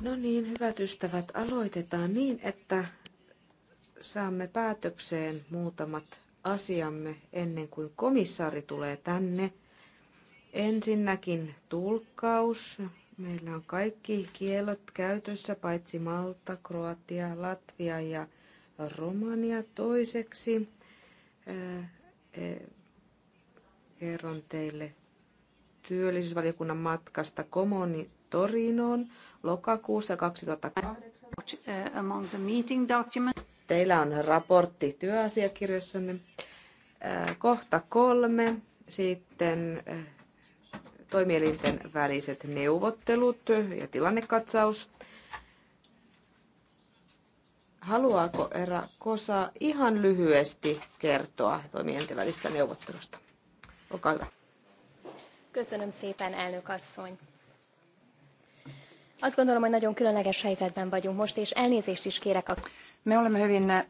No niin, hyvät ystävät, aloitetaan niin, että saamme päätökseen muutamat asiamme ennen kuin komissaari tulee tänne. Ensinnäkin tulkkaus. Meillä on kaikki kielot käytössä paitsi Malta, Kroatia, Latvia ja Romania toiseksi. Eh, eh, kerron teille työllisyysvaliokunnan matkasta Komoni Torinoon lokakuussa 2008. Teillä on raportti työasiakirjassanne. Äh, kohta kolme, sitten äh, toimielinten väliset neuvottelut ja tilannekatsaus. Haluaako Era Kosa ihan lyhyesti kertoa toimielinten välistä neuvottelusta? Olkaa hyvä. Köszönöm szépen, elnök asszony. Azt gondolom, hogy nagyon különleges helyzetben vagyunk most, és elnézést is kérek. A... Me olemme hyvin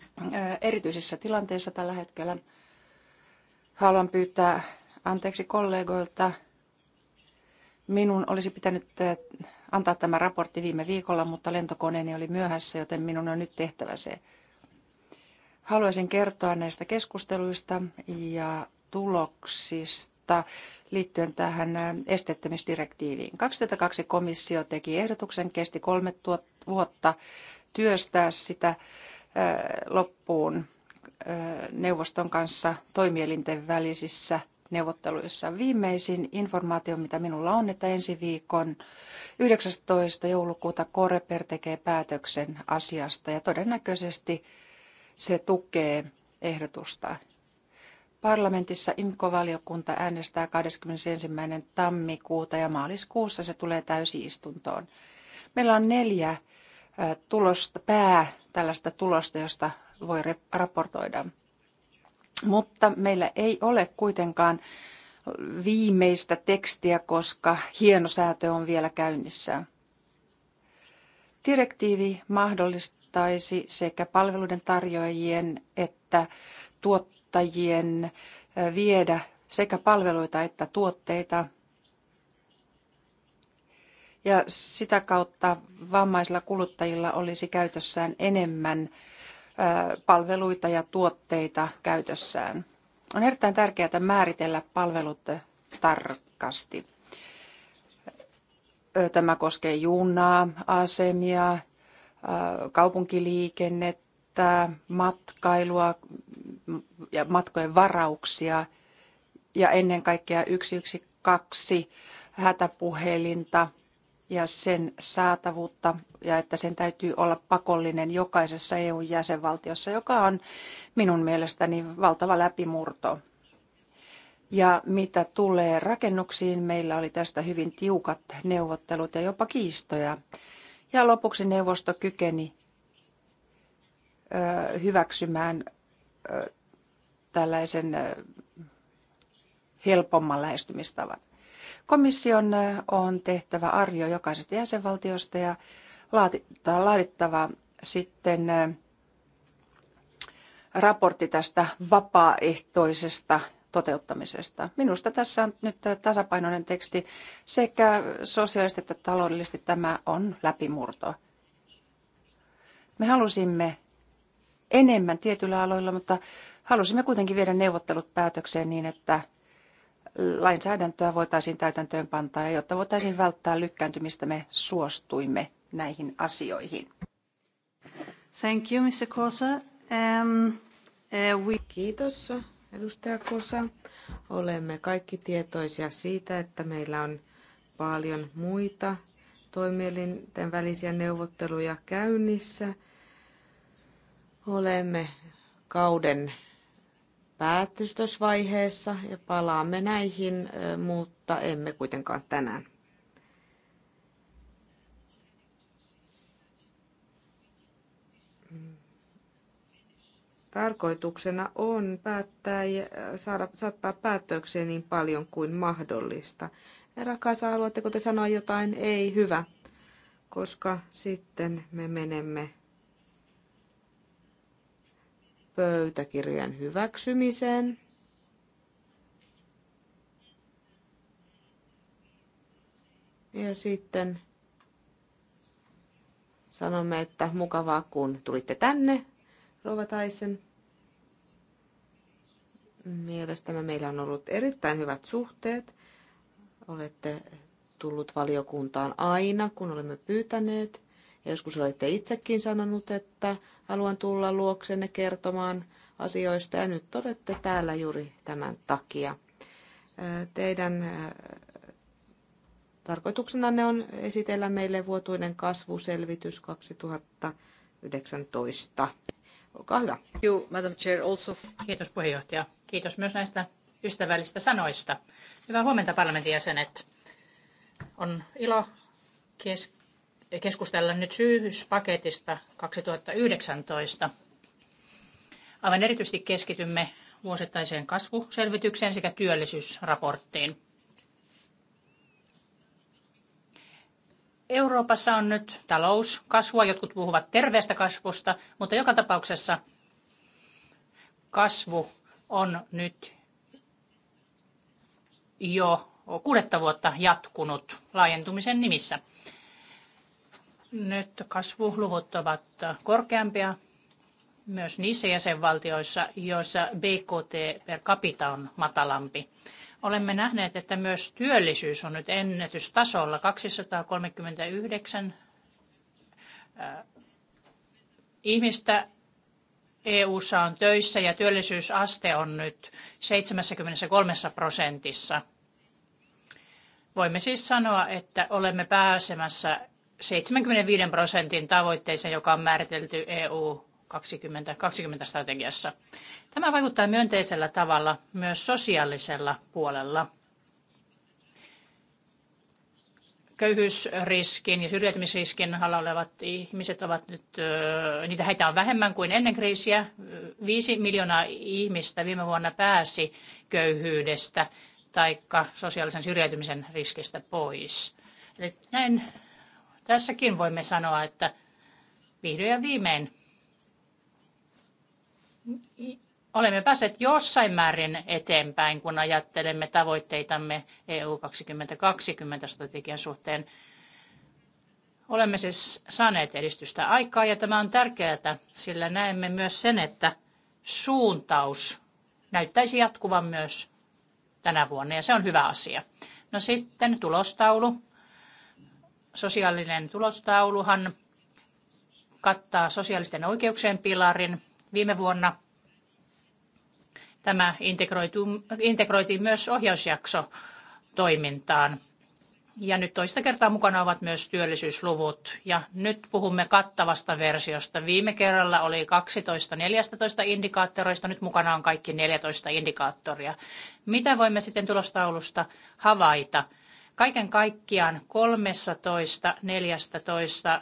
erityisessä tilanteessa tällä hetkellä. Haluan pyytää anteeksi kollegoilta. Minun olisi pitänyt antaa tämä raportti viime viikolla, mutta lentokoneeni oli myöhässä, joten minun on nyt tehtävä se. Haluaisin kertoa näistä keskusteluista ja tuloksista mutta liittyen tähän esteettömyysdirektiiviin. 2002 komissio teki ehdotuksen, kesti kolme vuotta työstää sitä loppuun neuvoston kanssa toimielinten välisissä neuvotteluissa. Viimeisin informaatio, mitä minulla on, että ensi viikon 19. joulukuuta Koreper tekee päätöksen asiasta ja todennäköisesti se tukee ehdotusta parlamentissa IMKO-valiokunta äänestää 21. tammikuuta ja maaliskuussa se tulee täysiistuntoon. Meillä on neljä tulosta, pää tällaista tulosta, josta voi raportoida. Mutta meillä ei ole kuitenkaan viimeistä tekstiä, koska hienosäätö on vielä käynnissä. Direktiivi mahdollistaisi sekä palveluiden tarjoajien että tuottajien kuluttajien viedä sekä palveluita että tuotteita. Ja sitä kautta vammaisilla kuluttajilla olisi käytössään enemmän palveluita ja tuotteita käytössään. On erittäin tärkeää määritellä palvelut tarkasti. Tämä koskee junaa, asemia, kaupunkiliikennettä, matkailua, ja matkojen varauksia ja ennen kaikkea 112 hätäpuhelinta ja sen saatavuutta ja että sen täytyy olla pakollinen jokaisessa EU-jäsenvaltiossa, joka on minun mielestäni valtava läpimurto. Ja mitä tulee rakennuksiin, meillä oli tästä hyvin tiukat neuvottelut ja jopa kiistoja. Ja lopuksi neuvosto kykeni hyväksymään tällaisen helpomman lähestymistavan. Komission on tehtävä arvio jokaisesta jäsenvaltiosta ja laadittava sitten raportti tästä vapaaehtoisesta toteuttamisesta. Minusta tässä on nyt tasapainoinen teksti sekä sosiaalisesti että taloudellisesti tämä on läpimurto. Me halusimme enemmän tietyillä aloilla, mutta Halusimme kuitenkin viedä neuvottelut päätökseen niin, että lainsäädäntöä voitaisiin täytäntöön ja jotta voitaisiin välttää lykkääntymistä, me suostuimme näihin asioihin. Thank you, Mr. Kosa. Um, uh, we... Kiitos, edustaja Kosa. Olemme kaikki tietoisia siitä, että meillä on paljon muita toimielinten välisiä neuvotteluja käynnissä. Olemme kauden Päätystösvaiheessa ja palaamme näihin, mutta emme kuitenkaan tänään. Tarkoituksena on päättää ja saada, saattaa päätökseen niin paljon kuin mahdollista. Rakasa, haluatteko te sanoa jotain? Ei, hyvä, koska sitten me menemme pöytäkirjan hyväksymiseen. Ja sitten sanomme, että mukavaa kun tulitte tänne, Rova Taisen. Mielestämme meillä on ollut erittäin hyvät suhteet. Olette tullut valiokuntaan aina, kun olemme pyytäneet. Joskus olette itsekin sanonut, että haluan tulla luoksenne kertomaan asioista ja nyt olette täällä juuri tämän takia. Äh, teidän äh, tarkoituksenanne on esitellä meille vuotuinen kasvuselvitys 2019. Olkaa hyvä. You, Madam Chair, also. Kiitos puheenjohtaja. Kiitos myös näistä ystävällistä sanoista. Hyvää huomenta parlamentin jäsenet. On ilo kes- keskustella nyt syyhyspaketista 2019. Aivan erityisesti keskitymme vuosittaiseen kasvuselvitykseen sekä työllisyysraporttiin. Euroopassa on nyt talouskasvua, jotkut puhuvat terveestä kasvusta, mutta joka tapauksessa kasvu on nyt jo kuudetta vuotta jatkunut laajentumisen nimissä. Nyt kasvuluvut ovat korkeampia myös niissä jäsenvaltioissa, joissa BKT per capita on matalampi. Olemme nähneet, että myös työllisyys on nyt ennätystasolla 239 äh, ihmistä EU:ssa on töissä ja työllisyysaste on nyt 73 prosentissa. Voimme siis sanoa, että olemme pääsemässä 75 prosentin tavoitteeseen, joka on määritelty EU 2020 strategiassa. Tämä vaikuttaa myönteisellä tavalla myös sosiaalisella puolella. Köyhyysriskin ja syrjäytymisriskin alla olevat ihmiset ovat nyt, niitä heitä on vähemmän kuin ennen kriisiä. Viisi miljoonaa ihmistä viime vuonna pääsi köyhyydestä tai sosiaalisen syrjäytymisen riskistä pois. Eli näin Tässäkin voimme sanoa, että vihdoin ja viimein olemme päässeet jossain määrin eteenpäin, kun ajattelemme tavoitteitamme EU 2020 strategian suhteen. Olemme siis saaneet edistystä aikaa ja tämä on tärkeää, sillä näemme myös sen, että suuntaus näyttäisi jatkuvan myös tänä vuonna ja se on hyvä asia. No sitten tulostaulu. Sosiaalinen tulostauluhan kattaa sosiaalisten oikeuksien pilarin. Viime vuonna tämä integroitiin myös ohjausjakso toimintaan. Ja nyt toista kertaa mukana ovat myös työllisyysluvut. Ja nyt puhumme kattavasta versiosta. Viime kerralla oli 12-14 indikaattoreista, nyt mukana on kaikki 14 indikaattoria. Mitä voimme sitten tulostaulusta havaita? Kaiken kaikkiaan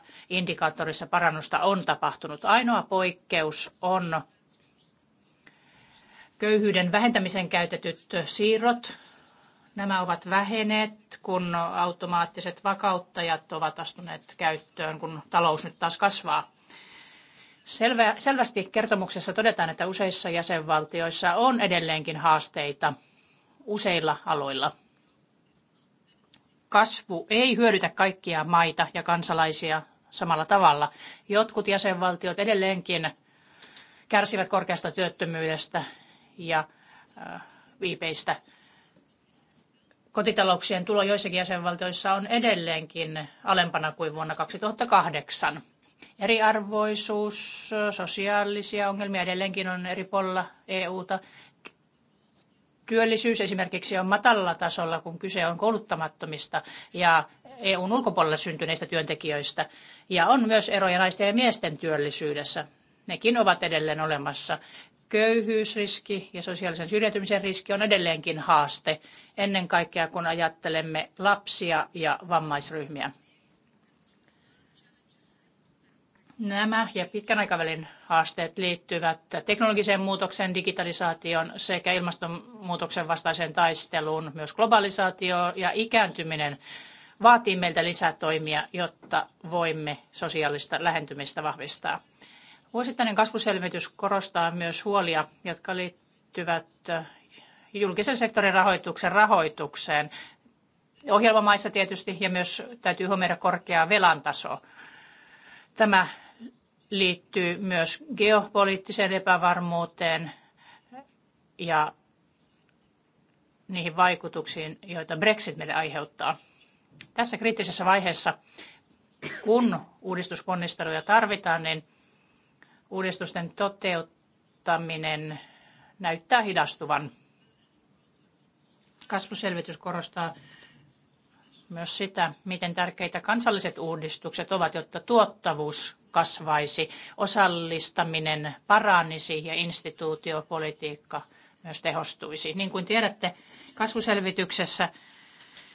13-14 indikaattorissa parannusta on tapahtunut. Ainoa poikkeus on köyhyyden vähentämiseen käytetyt siirrot. Nämä ovat väheneet, kun automaattiset vakauttajat ovat astuneet käyttöön, kun talous nyt taas kasvaa. Selvä, selvästi kertomuksessa todetaan, että useissa jäsenvaltioissa on edelleenkin haasteita useilla aloilla kasvu ei hyödytä kaikkia maita ja kansalaisia samalla tavalla. Jotkut jäsenvaltiot edelleenkin kärsivät korkeasta työttömyydestä ja äh, viipeistä. Kotitalouksien tulo joissakin jäsenvaltioissa on edelleenkin alempana kuin vuonna 2008. Eriarvoisuus, sosiaalisia ongelmia edelleenkin on eri puolilla EUta Työllisyys esimerkiksi on matalalla tasolla, kun kyse on kouluttamattomista ja EUn ulkopuolella syntyneistä työntekijöistä. Ja on myös eroja naisten ja miesten työllisyydessä. Nekin ovat edelleen olemassa. Köyhyysriski ja sosiaalisen syrjäytymisen riski on edelleenkin haaste, ennen kaikkea kun ajattelemme lapsia ja vammaisryhmiä. Nämä ja pitkän aikavälin haasteet liittyvät teknologiseen muutokseen, digitalisaation sekä ilmastonmuutoksen vastaiseen taisteluun. Myös globalisaatio ja ikääntyminen vaatii meiltä lisätoimia, jotta voimme sosiaalista lähentymistä vahvistaa. Vuosittainen kasvuselvitys korostaa myös huolia, jotka liittyvät julkisen sektorin rahoituksen rahoitukseen. Ohjelmamaissa tietysti ja myös täytyy huomioida korkea velan taso. Tämä liittyy myös geopoliittiseen epävarmuuteen ja niihin vaikutuksiin, joita Brexit meille aiheuttaa. Tässä kriittisessä vaiheessa, kun uudistusponnisteluja tarvitaan, niin uudistusten toteuttaminen näyttää hidastuvan. Kasvuselvitys korostaa myös sitä, miten tärkeitä kansalliset uudistukset ovat, jotta tuottavuus kasvaisi, osallistaminen paranisi ja instituutiopolitiikka myös tehostuisi. Niin kuin tiedätte, kasvuselvityksessä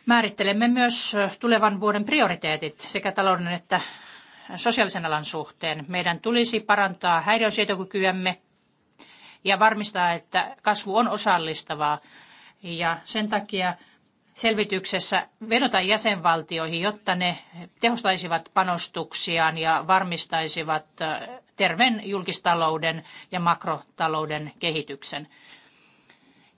määrittelemme myös tulevan vuoden prioriteetit sekä talouden että sosiaalisen alan suhteen. Meidän tulisi parantaa häiriönsietokykyämme ja varmistaa, että kasvu on osallistavaa. Ja sen takia selvityksessä vedota jäsenvaltioihin, jotta ne tehostaisivat panostuksiaan ja varmistaisivat terveen julkistalouden ja makrotalouden kehityksen.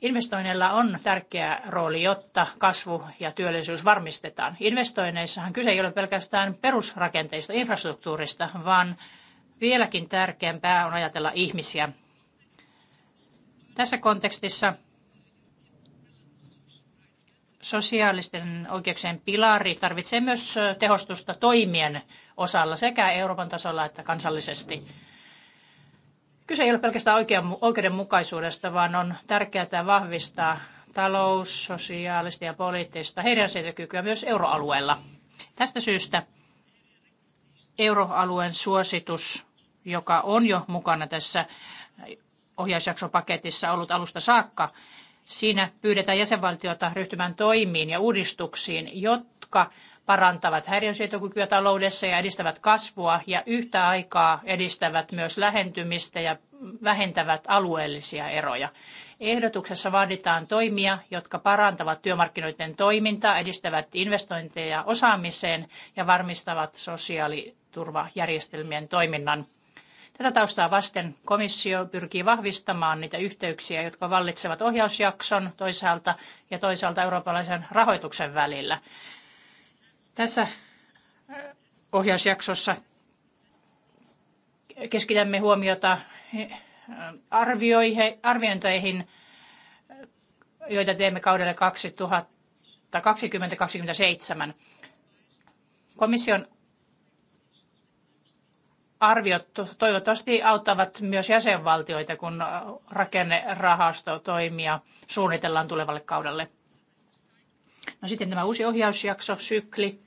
Investoinneilla on tärkeä rooli, jotta kasvu ja työllisyys varmistetaan. Investoinneissahan kyse ei ole pelkästään perusrakenteista, infrastruktuurista, vaan vieläkin tärkeämpää on ajatella ihmisiä. Tässä kontekstissa sosiaalisten oikeuksien pilari tarvitsee myös tehostusta toimien osalla sekä Euroopan tasolla että kansallisesti. Kyse ei ole pelkästään oikeudenmukaisuudesta, vaan on tärkeää vahvistaa talous, sosiaalista ja poliittista heidän sietokykyä myös euroalueella. Tästä syystä euroalueen suositus, joka on jo mukana tässä ohjausjaksopaketissa ollut alusta saakka, Siinä pyydetään jäsenvaltiota ryhtymään toimiin ja uudistuksiin, jotka parantavat häiriönsietokykyä taloudessa ja edistävät kasvua ja yhtä aikaa edistävät myös lähentymistä ja vähentävät alueellisia eroja. Ehdotuksessa vaaditaan toimia, jotka parantavat työmarkkinoiden toimintaa, edistävät investointeja osaamiseen ja varmistavat sosiaaliturvajärjestelmien toiminnan. Tätä taustaa vasten komissio pyrkii vahvistamaan niitä yhteyksiä, jotka vallitsevat ohjausjakson toisaalta ja toisaalta eurooppalaisen rahoituksen välillä. Tässä ohjausjaksossa keskitämme huomiota arviointeihin, joita teemme kaudelle 2027 Komission arviot toivottavasti auttavat myös jäsenvaltioita, kun rakennerahastotoimia suunnitellaan tulevalle kaudelle. No sitten tämä uusi ohjausjakso, sykli.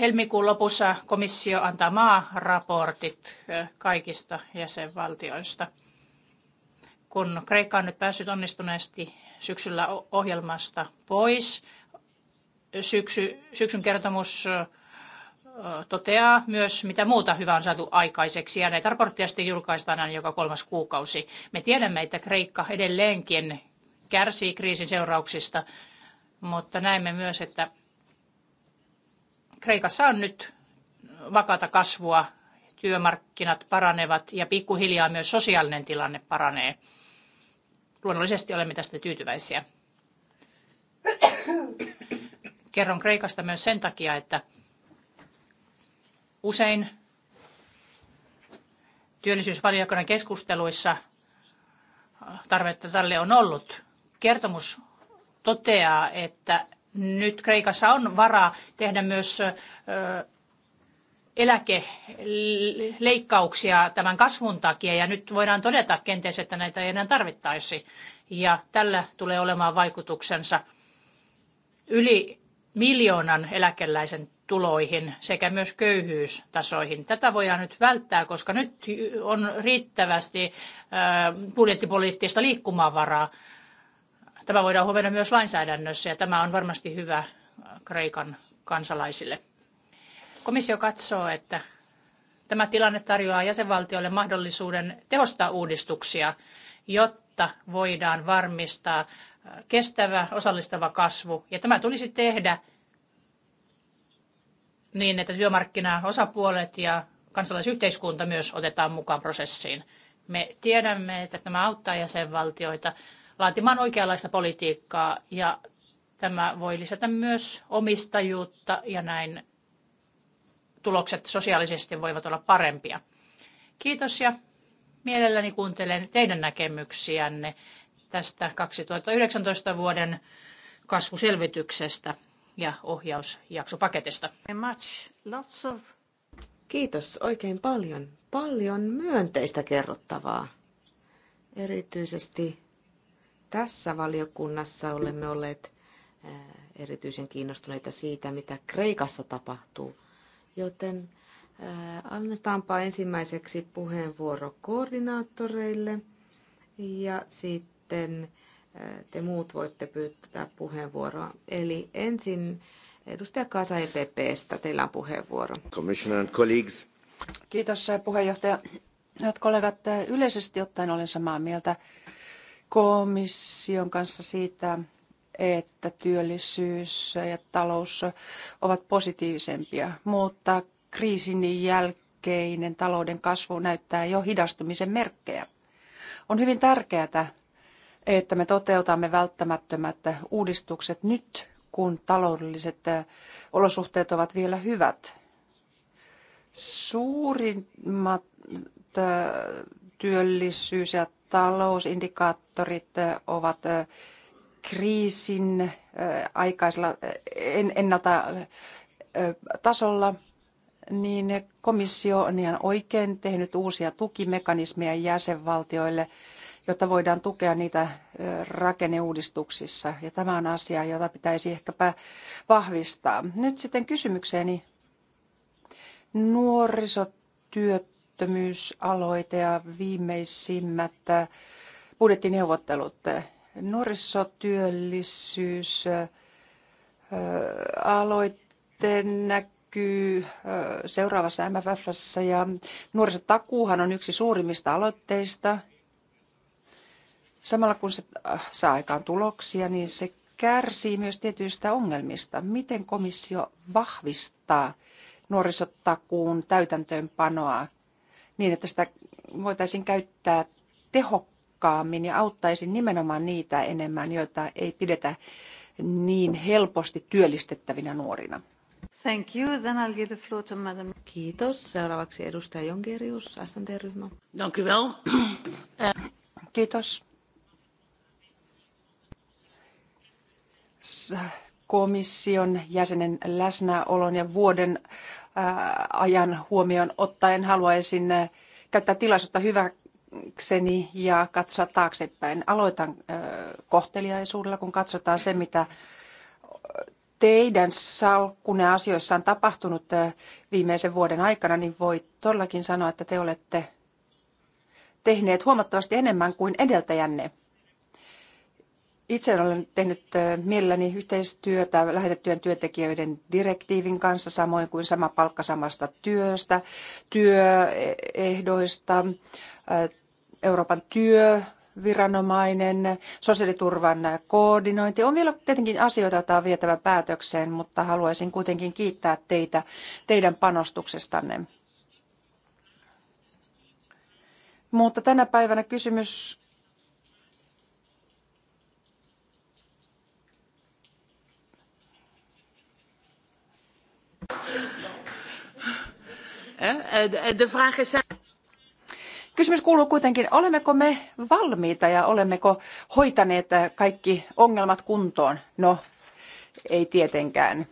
Helmikuun lopussa komissio antaa maaraportit kaikista jäsenvaltioista. Kun Kreikka on nyt päässyt onnistuneesti syksyllä ohjelmasta pois, syksy, syksyn kertomus toteaa myös, mitä muuta hyvää on saatu aikaiseksi. Ja näitä raportteja sitten julkaistaan aina joka kolmas kuukausi. Me tiedämme, että Kreikka edelleenkin kärsii kriisin seurauksista, mutta näemme myös, että Kreikassa on nyt vakata kasvua, työmarkkinat paranevat ja pikkuhiljaa myös sosiaalinen tilanne paranee. Luonnollisesti olemme tästä tyytyväisiä. Kerron Kreikasta myös sen takia, että usein työllisyysvaliokunnan keskusteluissa tarvetta tälle on ollut. Kertomus toteaa, että nyt Kreikassa on varaa tehdä myös eläkeleikkauksia tämän kasvun takia ja nyt voidaan todeta kenties, että näitä ei enää tarvittaisi ja tällä tulee olemaan vaikutuksensa yli miljoonan eläkeläisen tuloihin sekä myös köyhyystasoihin. Tätä voidaan nyt välttää, koska nyt on riittävästi budjettipoliittista liikkumavaraa. Tämä voidaan huomioida myös lainsäädännössä ja tämä on varmasti hyvä Kreikan kansalaisille. Komissio katsoo, että tämä tilanne tarjoaa jäsenvaltioille mahdollisuuden tehostaa uudistuksia, jotta voidaan varmistaa kestävä, osallistava kasvu. Ja tämä tulisi tehdä niin, että työmarkkinaosapuolet ja kansalaisyhteiskunta myös otetaan mukaan prosessiin. Me tiedämme, että tämä auttaa jäsenvaltioita laatimaan oikeanlaista politiikkaa ja tämä voi lisätä myös omistajuutta ja näin tulokset sosiaalisesti voivat olla parempia. Kiitos ja mielelläni kuuntelen teidän näkemyksiänne tästä 2019 vuoden kasvuselvityksestä ja ohjausjaksopaketista. Kiitos oikein paljon. Paljon myönteistä kerrottavaa. Erityisesti tässä valiokunnassa olemme olleet eh, erityisen kiinnostuneita siitä, mitä Kreikassa tapahtuu. Joten eh, annetaanpa ensimmäiseksi puheenvuoro koordinaattoreille ja sitten sitten eh, te muut voitte pyytää puheenvuoroa. Eli ensin edustaja Kasa EPPstä, teillä on puheenvuoro. Commissioner colleagues. Kiitos eh, puheenjohtaja. Hyvät kollegat, eh, yleisesti ottaen olen samaa mieltä komission kanssa siitä, että työllisyys ja talous ovat positiivisempia, mutta kriisin jälkeinen talouden kasvu näyttää jo hidastumisen merkkejä. On hyvin tärkeää, että me toteutamme välttämättömät uudistukset nyt, kun taloudelliset eh, olosuhteet ovat vielä hyvät. Suurimmat eh, työllisyys- ja talousindikaattorit eh, ovat kriisin aikaisella ennalta tasolla, niin komissio on ihan oikein tehnyt uusia tukimekanismeja jäsenvaltioille – jotta voidaan tukea niitä rakenneuudistuksissa. Ja tämä on asia, jota pitäisi ehkäpä vahvistaa. Nyt sitten kysymykseeni. Nuorisotyöttömyysaloite ja viimeisimmät budjettineuvottelut. Nuorisotyöllisyys näkyy seuraavassa MFFssä ja nuorisotakuuhan on yksi suurimmista aloitteista samalla kun se äh, saa aikaan tuloksia, niin se kärsii myös tietyistä ongelmista. Miten komissio vahvistaa nuorisotakuun täytäntöönpanoa niin, että sitä voitaisiin käyttää tehokkaammin ja auttaisi nimenomaan niitä enemmän, joita ei pidetä niin helposti työllistettävinä nuorina? Thank you. Then I'll give the floor to Madam. Kiitos. Seuraavaksi edustaja Jonkerius, SNT-ryhmä. Dank u wel. Kiitos. komission jäsenen läsnäolon ja vuoden ajan huomioon ottaen haluaisin käyttää tilaisuutta hyväkseni ja katsoa taaksepäin. Aloitan kohteliaisuudella, kun katsotaan se, mitä teidän salkkune asioissa on tapahtunut viimeisen vuoden aikana, niin voi todellakin sanoa, että te olette tehneet huomattavasti enemmän kuin edeltäjänne – itse olen tehnyt mielelläni yhteistyötä lähetettyjen työntekijöiden direktiivin kanssa, samoin kuin sama palkka samasta työstä, työehdoista, Euroopan työviranomainen, sosiaaliturvan koordinointi. On vielä tietenkin asioita, joita on vietävä päätökseen, mutta haluaisin kuitenkin kiittää teitä teidän panostuksestanne. Mutta tänä päivänä kysymys Eh, eh, Kysymys kuuluu kuitenkin, olemmeko me valmiita ja olemmeko hoitaneet eh, kaikki ongelmat kuntoon? No, ei tietenkään.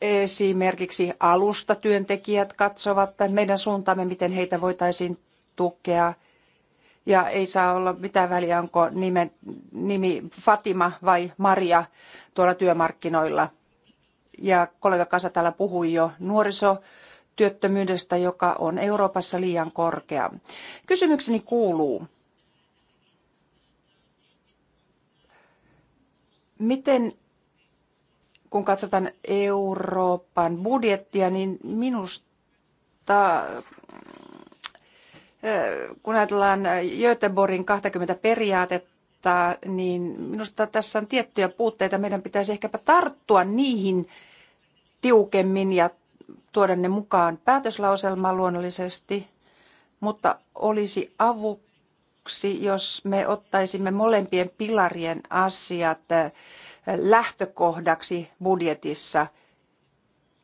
Esimerkiksi alustatyöntekijät katsovat meidän suuntaamme, miten heitä voitaisiin tukea. Ja ei saa olla mitään väliä, onko nime, nimi Fatima vai Maria tuolla työmarkkinoilla – ja kollega Kasa täällä puhui jo nuorisotyöttömyydestä, joka on Euroopassa liian korkea. Kysymykseni kuuluu, miten kun katsotaan Euroopan budjettia, niin minusta äh, kun ajatellaan Göteborgin 20 periaatetta, mutta niin minusta tässä on tiettyjä puutteita. Meidän pitäisi ehkäpä tarttua niihin tiukemmin ja tuoda ne mukaan päätöslauselmaan luonnollisesti, mutta olisi avuksi, jos me ottaisimme molempien pilarien asiat äh, lähtökohdaksi budjetissa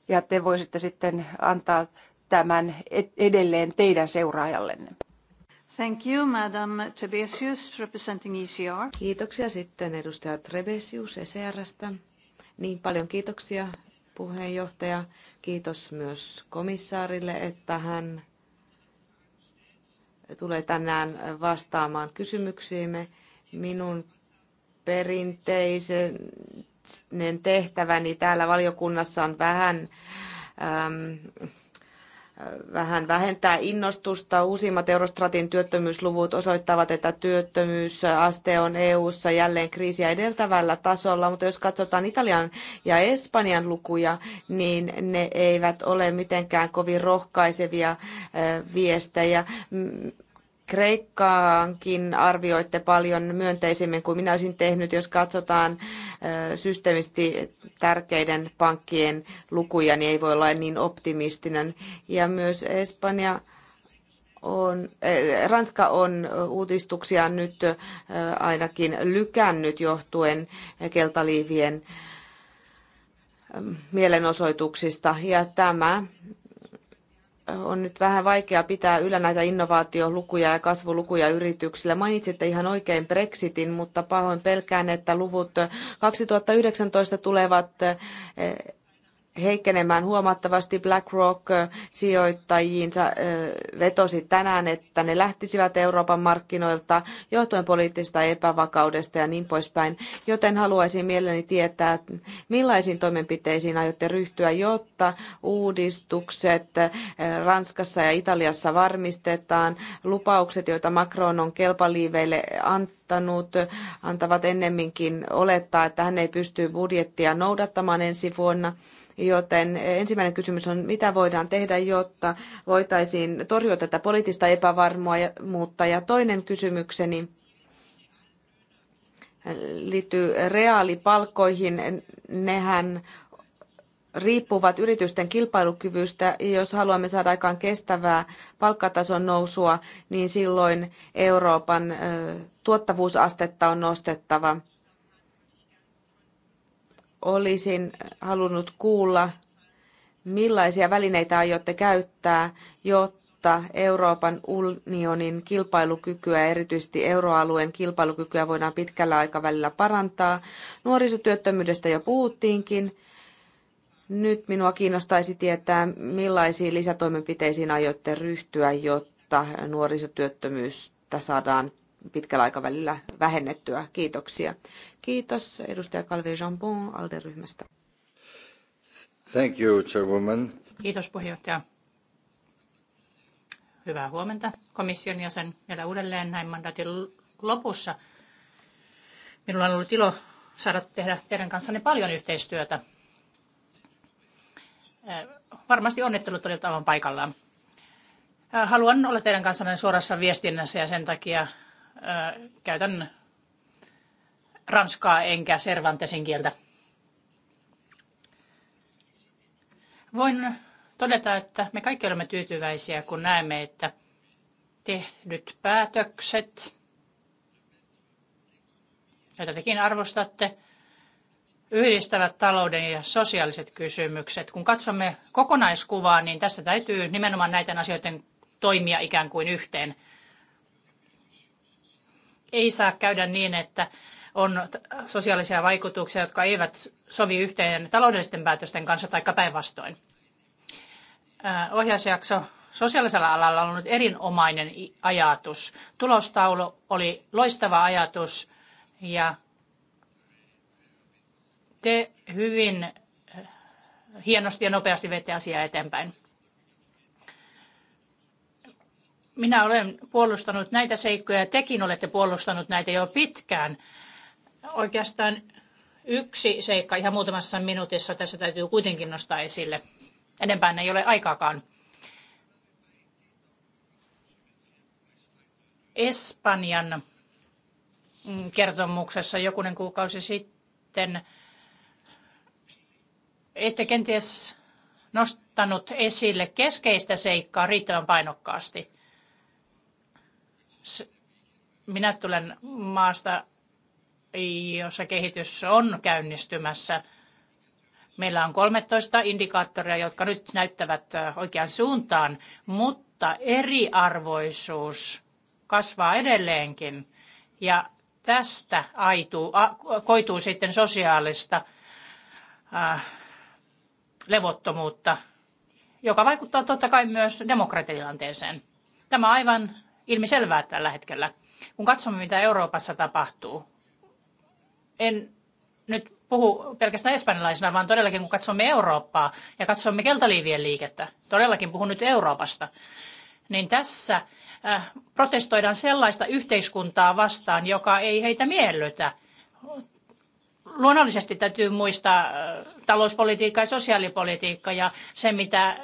ja te voisitte sitten antaa tämän edelleen teidän seuraajallenne. Thank you, Madam Trebesius, representing ECR. Kiitoksia sitten edustaja Trebesius ECRstä. Niin paljon kiitoksia puheenjohtaja. Kiitos myös komissaarille, että hän tulee tänään vastaamaan kysymyksiimme. Minun perinteinen tehtäväni täällä valiokunnassa on vähän ähm, vähän vähentää innostusta. Uusimmat Eurostratin työttömyysluvut osoittavat, että työttömyysaste on EU-ssa jälleen kriisiä edeltävällä tasolla, mutta jos katsotaan Italian ja Espanjan lukuja, niin ne eivät ole mitenkään kovin rohkaisevia viestejä. Kreikkaankin arvioitte paljon myönteisemmin kuin minä olisin tehnyt, jos katsotaan systeemisesti tärkeiden pankkien lukuja, niin ei voi olla niin optimistinen. Ja myös Espanja on, Ranska on uutistuksia nyt ainakin lykännyt johtuen keltaliivien mielenosoituksista. Ja tämä on nyt vähän vaikea pitää yllä näitä innovaatiolukuja ja kasvulukuja yrityksillä. Mainitsitte ihan oikein Brexitin, mutta pahoin pelkään, että luvut 2019 tulevat eh, heikkenemään huomattavasti. BlackRock sijoittajiinsa vetosi tänään, että ne lähtisivät Euroopan markkinoilta johtuen poliittisesta epävakaudesta ja niin poispäin. Joten haluaisin mielelläni tietää, millaisiin toimenpiteisiin aiotte ryhtyä, jotta uudistukset Ranskassa ja Italiassa varmistetaan. Lupaukset, joita Macron on kelpaliiveille antanut, antavat ennemminkin olettaa, että hän ei pysty budjettia noudattamaan ensi vuonna. Joten ensimmäinen kysymys on, mitä voidaan tehdä, jotta voitaisiin torjua tätä poliittista epävarmuutta. Ja toinen kysymykseni liittyy reaalipalkkoihin. Nehän riippuvat yritysten kilpailukyvystä. Jos haluamme saada aikaan kestävää palkkatason nousua, niin silloin Euroopan tuottavuusastetta on nostettava. Olisin halunnut kuulla, millaisia välineitä aiotte käyttää, jotta Euroopan unionin kilpailukykyä, erityisesti euroalueen kilpailukykyä, voidaan pitkällä aikavälillä parantaa. Nuorisotyöttömyydestä jo puhuttiinkin. Nyt minua kiinnostaisi tietää, millaisiin lisätoimenpiteisiin aiotte ryhtyä, jotta nuorisotyöttömyystä saadaan pitkällä aikavälillä vähennettyä. Kiitoksia. Kiitos edustaja Calvi Jambon ALDE-ryhmästä. Thank you, Chairwoman. Kiitos puheenjohtaja. Hyvää huomenta komission jäsen vielä uudelleen näin mandaatin lopussa. Minulla on ollut ilo saada tehdä teidän kanssanne paljon yhteistyötä. Varmasti onnittelut olivat aivan paikallaan. Haluan olla teidän kanssanne suorassa viestinnässä ja sen takia käytän ranskaa enkä Cervantesin kieltä. Voin todeta, että me kaikki olemme tyytyväisiä, kun näemme, että tehdyt päätökset, joita tekin arvostatte, yhdistävät talouden ja sosiaaliset kysymykset. Kun katsomme kokonaiskuvaa, niin tässä täytyy nimenomaan näiden asioiden toimia ikään kuin yhteen. Ei saa käydä niin, että on sosiaalisia vaikutuksia, jotka eivät sovi yhteen taloudellisten päätösten kanssa tai päinvastoin. Ohjausjakso sosiaalisella alalla on ollut erinomainen ajatus. Tulostaulu oli loistava ajatus ja te hyvin hienosti ja nopeasti veitte asiaa eteenpäin. Minä olen puolustanut näitä seikkoja ja tekin olette puolustanut näitä jo pitkään. Oikeastaan yksi seikka ihan muutamassa minuutissa tässä täytyy kuitenkin nostaa esille. Enempään ei ole aikaakaan. Espanjan mm, kertomuksessa jokunen kuukausi sitten ette kenties nostanut esille keskeistä seikkaa riittävän painokkaasti. Minä tulen maasta, jossa kehitys on käynnistymässä. Meillä on 13 indikaattoria, jotka nyt näyttävät oikeaan suuntaan, mutta eriarvoisuus kasvaa edelleenkin. Ja tästä aituu, koituu sitten sosiaalista levottomuutta, joka vaikuttaa totta kai myös demokratiatilanteeseen. Tämä on aivan ilmiselvää tällä hetkellä. Kun katsomme, mitä Euroopassa tapahtuu, en nyt puhu pelkästään espanjalaisena, vaan todellakin kun katsomme Eurooppaa ja katsomme keltaliivien liikettä, todellakin puhun nyt Euroopasta, niin tässä äh, protestoidaan sellaista yhteiskuntaa vastaan, joka ei heitä miellytä. Luonnollisesti täytyy muistaa äh, talouspolitiikka ja sosiaalipolitiikka ja se, mitä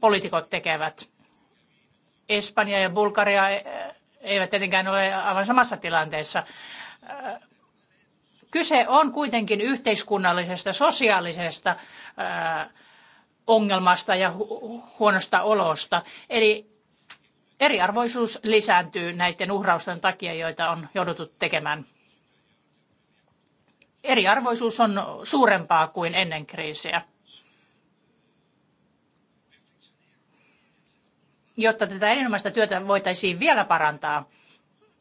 poliitikot tekevät. Espanja ja Bulgaria äh, eivät tietenkään ole aivan samassa tilanteessa Kyse on kuitenkin yhteiskunnallisesta, sosiaalisesta ongelmasta ja huonosta olosta. Eli eriarvoisuus lisääntyy näiden uhrausten takia, joita on jouduttu tekemään. Eriarvoisuus on suurempaa kuin ennen kriisiä. Jotta tätä erinomaista työtä voitaisiin vielä parantaa,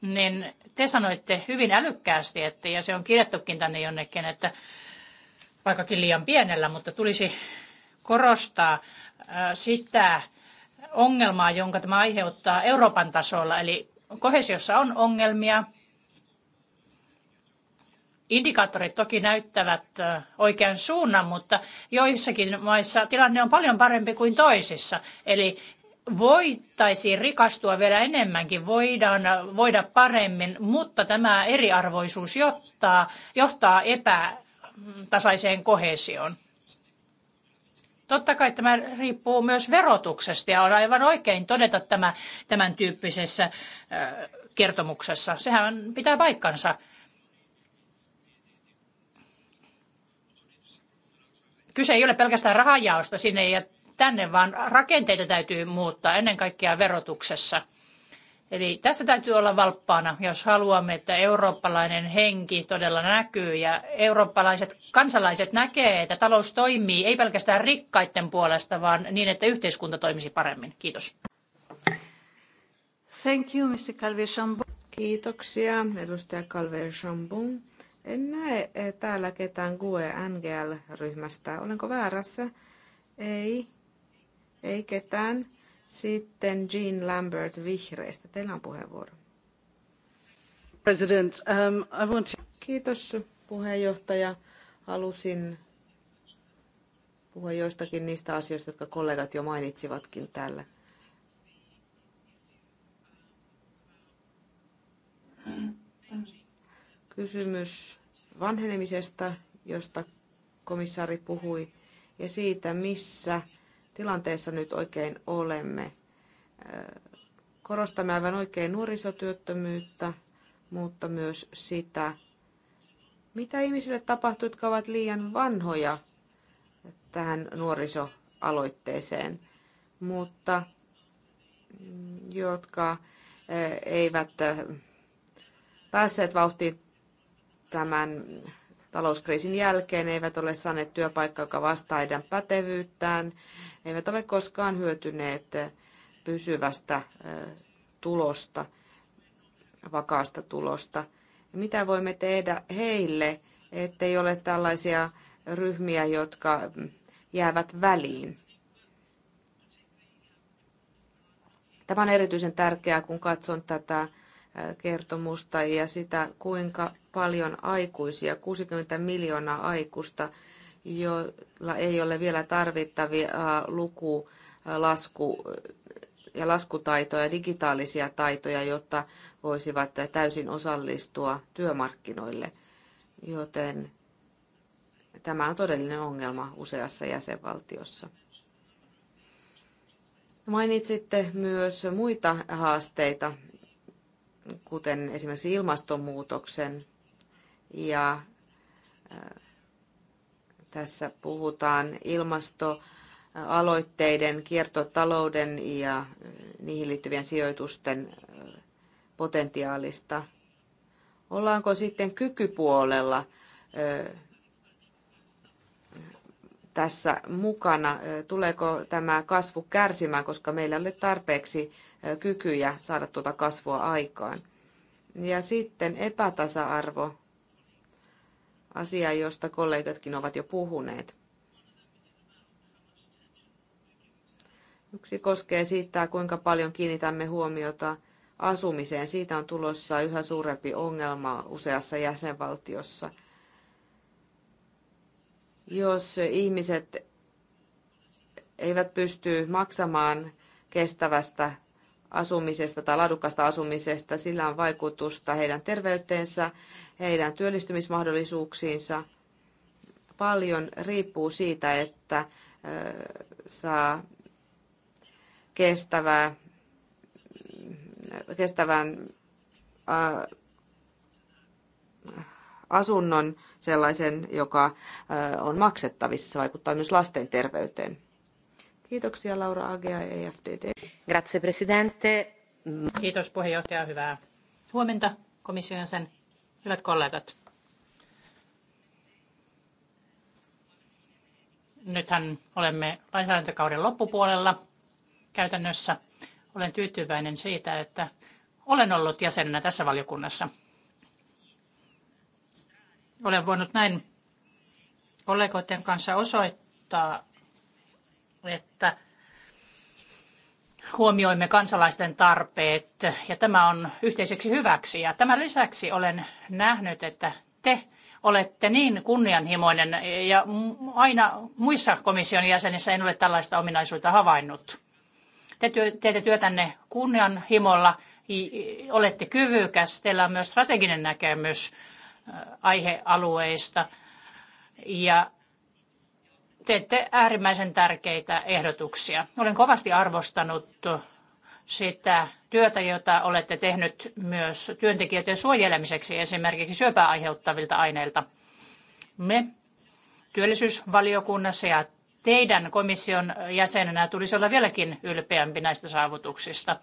niin te sanoitte hyvin älykkäästi, että, ja se on kirjattukin tänne jonnekin, että vaikkakin liian pienellä, mutta tulisi korostaa äh, sitä ongelmaa, jonka tämä aiheuttaa Euroopan tasolla. Eli kohesiossa on ongelmia. Indikaattorit toki näyttävät äh, oikean suunnan, mutta joissakin maissa tilanne on paljon parempi kuin toisissa. Eli voittaisiin rikastua vielä enemmänkin, voidaan voida paremmin, mutta tämä eriarvoisuus johtaa, johtaa epätasaiseen kohesioon. Totta kai tämä riippuu myös verotuksesta ja on aivan oikein todeta tämä tämän tyyppisessä kertomuksessa. Sehän pitää paikkansa. Kyse ei ole pelkästään rahajaosta, sinne ei tänne, vaan rakenteita täytyy muuttaa ennen kaikkea verotuksessa. Eli tässä täytyy olla valppaana, jos haluamme, että eurooppalainen henki todella näkyy ja eurooppalaiset kansalaiset näkee, että talous toimii ei pelkästään rikkaiden puolesta, vaan niin, että yhteiskunta toimisi paremmin. Kiitos. Thank you, Mr. Calvi Kiitoksia, edustaja Calvi Chambon. En näe eh, täällä ketään GUE NGL-ryhmästä. Olenko väärässä? Ei. Ei ketään. Sitten Jean Lambert vihreistä. Teillä on puheenvuoro. President, um, I want to... Kiitos puheenjohtaja. Halusin puhua joistakin niistä asioista, jotka kollegat jo mainitsivatkin täällä. Kysymys vanhenemisesta, josta komissaari puhui, ja siitä, missä tilanteessa nyt oikein olemme. Korostamme aivan oikein nuorisotyöttömyyttä, mutta myös sitä, mitä ihmisille tapahtuu, jotka ovat liian vanhoja tähän nuorisoaloitteeseen, mutta mm, jotka eivät päässeet vauhtiin tämän talouskriisin jälkeen, eivät ole saaneet työpaikkaa, joka vastaa heidän pätevyyttään, eivät ole koskaan hyötyneet eh, pysyvästä eh, tulosta, vakaasta tulosta. Mitä voimme tehdä heille, ettei ole tällaisia ryhmiä, jotka mm, jäävät väliin? Tämä on erityisen tärkeää, kun katson tätä eh, kertomusta ja sitä, kuinka paljon aikuisia, 60 miljoonaa aikuista, jo ei ole vielä tarvittavia äh, luku, äh, lasku ja laskutaitoja, digitaalisia taitoja, jotta voisivat täysin osallistua työmarkkinoille. Joten tämä on todellinen ongelma useassa jäsenvaltiossa. Mainitsitte myös muita haasteita, kuten esimerkiksi ilmastonmuutoksen ja äh, tässä puhutaan ilmastoaloitteiden, kiertotalouden ja eh, niihin liittyvien sijoitusten eh, potentiaalista. Ollaanko sitten kykypuolella eh, tässä mukana? Tuleeko tämä kasvu kärsimään, koska meillä ei ole tarpeeksi kykyjä saada tuota kasvua aikaan? Ja sitten epätasa-arvo asia, josta kollegatkin ovat jo puhuneet. Yksi koskee siitä, kuinka paljon kiinnitämme huomiota asumiseen. Siitä on tulossa yhä suurempi ongelma useassa jäsenvaltiossa. Jos ihmiset eivät pysty maksamaan kestävästä asumisesta tai laadukkaasta asumisesta, sillä on vaikutusta heidän terveyteensä, heidän työllistymismahdollisuuksiinsa. Paljon riippuu siitä, että saa kestävää, kestävän asunnon sellaisen, joka on maksettavissa. Se vaikuttaa myös lasten terveyteen. Kiitoksia Laura Agea ja EFDD. Grazie presidente. Kiitos puheenjohtaja, hyvää huomenta komission sen hyvät kollegat. Nythän olemme lainsäädäntökauden loppupuolella käytännössä. Olen tyytyväinen siitä, että olen ollut jäsenenä tässä valiokunnassa. Olen voinut näin kollegoiden kanssa osoittaa, että huomioimme kansalaisten tarpeet ja tämä on yhteiseksi hyväksi. Ja tämän lisäksi olen nähnyt, että te olette niin kunnianhimoinen ja aina muissa komission jäsenissä en ole tällaista ominaisuutta havainnut. Te teette työtänne kunnianhimolla, olette kyvykäs, teillä on myös strateginen näkemys aihealueista ja teette äärimmäisen tärkeitä ehdotuksia. Olen kovasti arvostanut sitä työtä, jota olette tehnyt myös työntekijöiden suojelemiseksi esimerkiksi syöpää aiheuttavilta aineilta. Me työllisyysvaliokunnassa ja teidän komission jäsenenä tulisi olla vieläkin ylpeämpi näistä saavutuksista.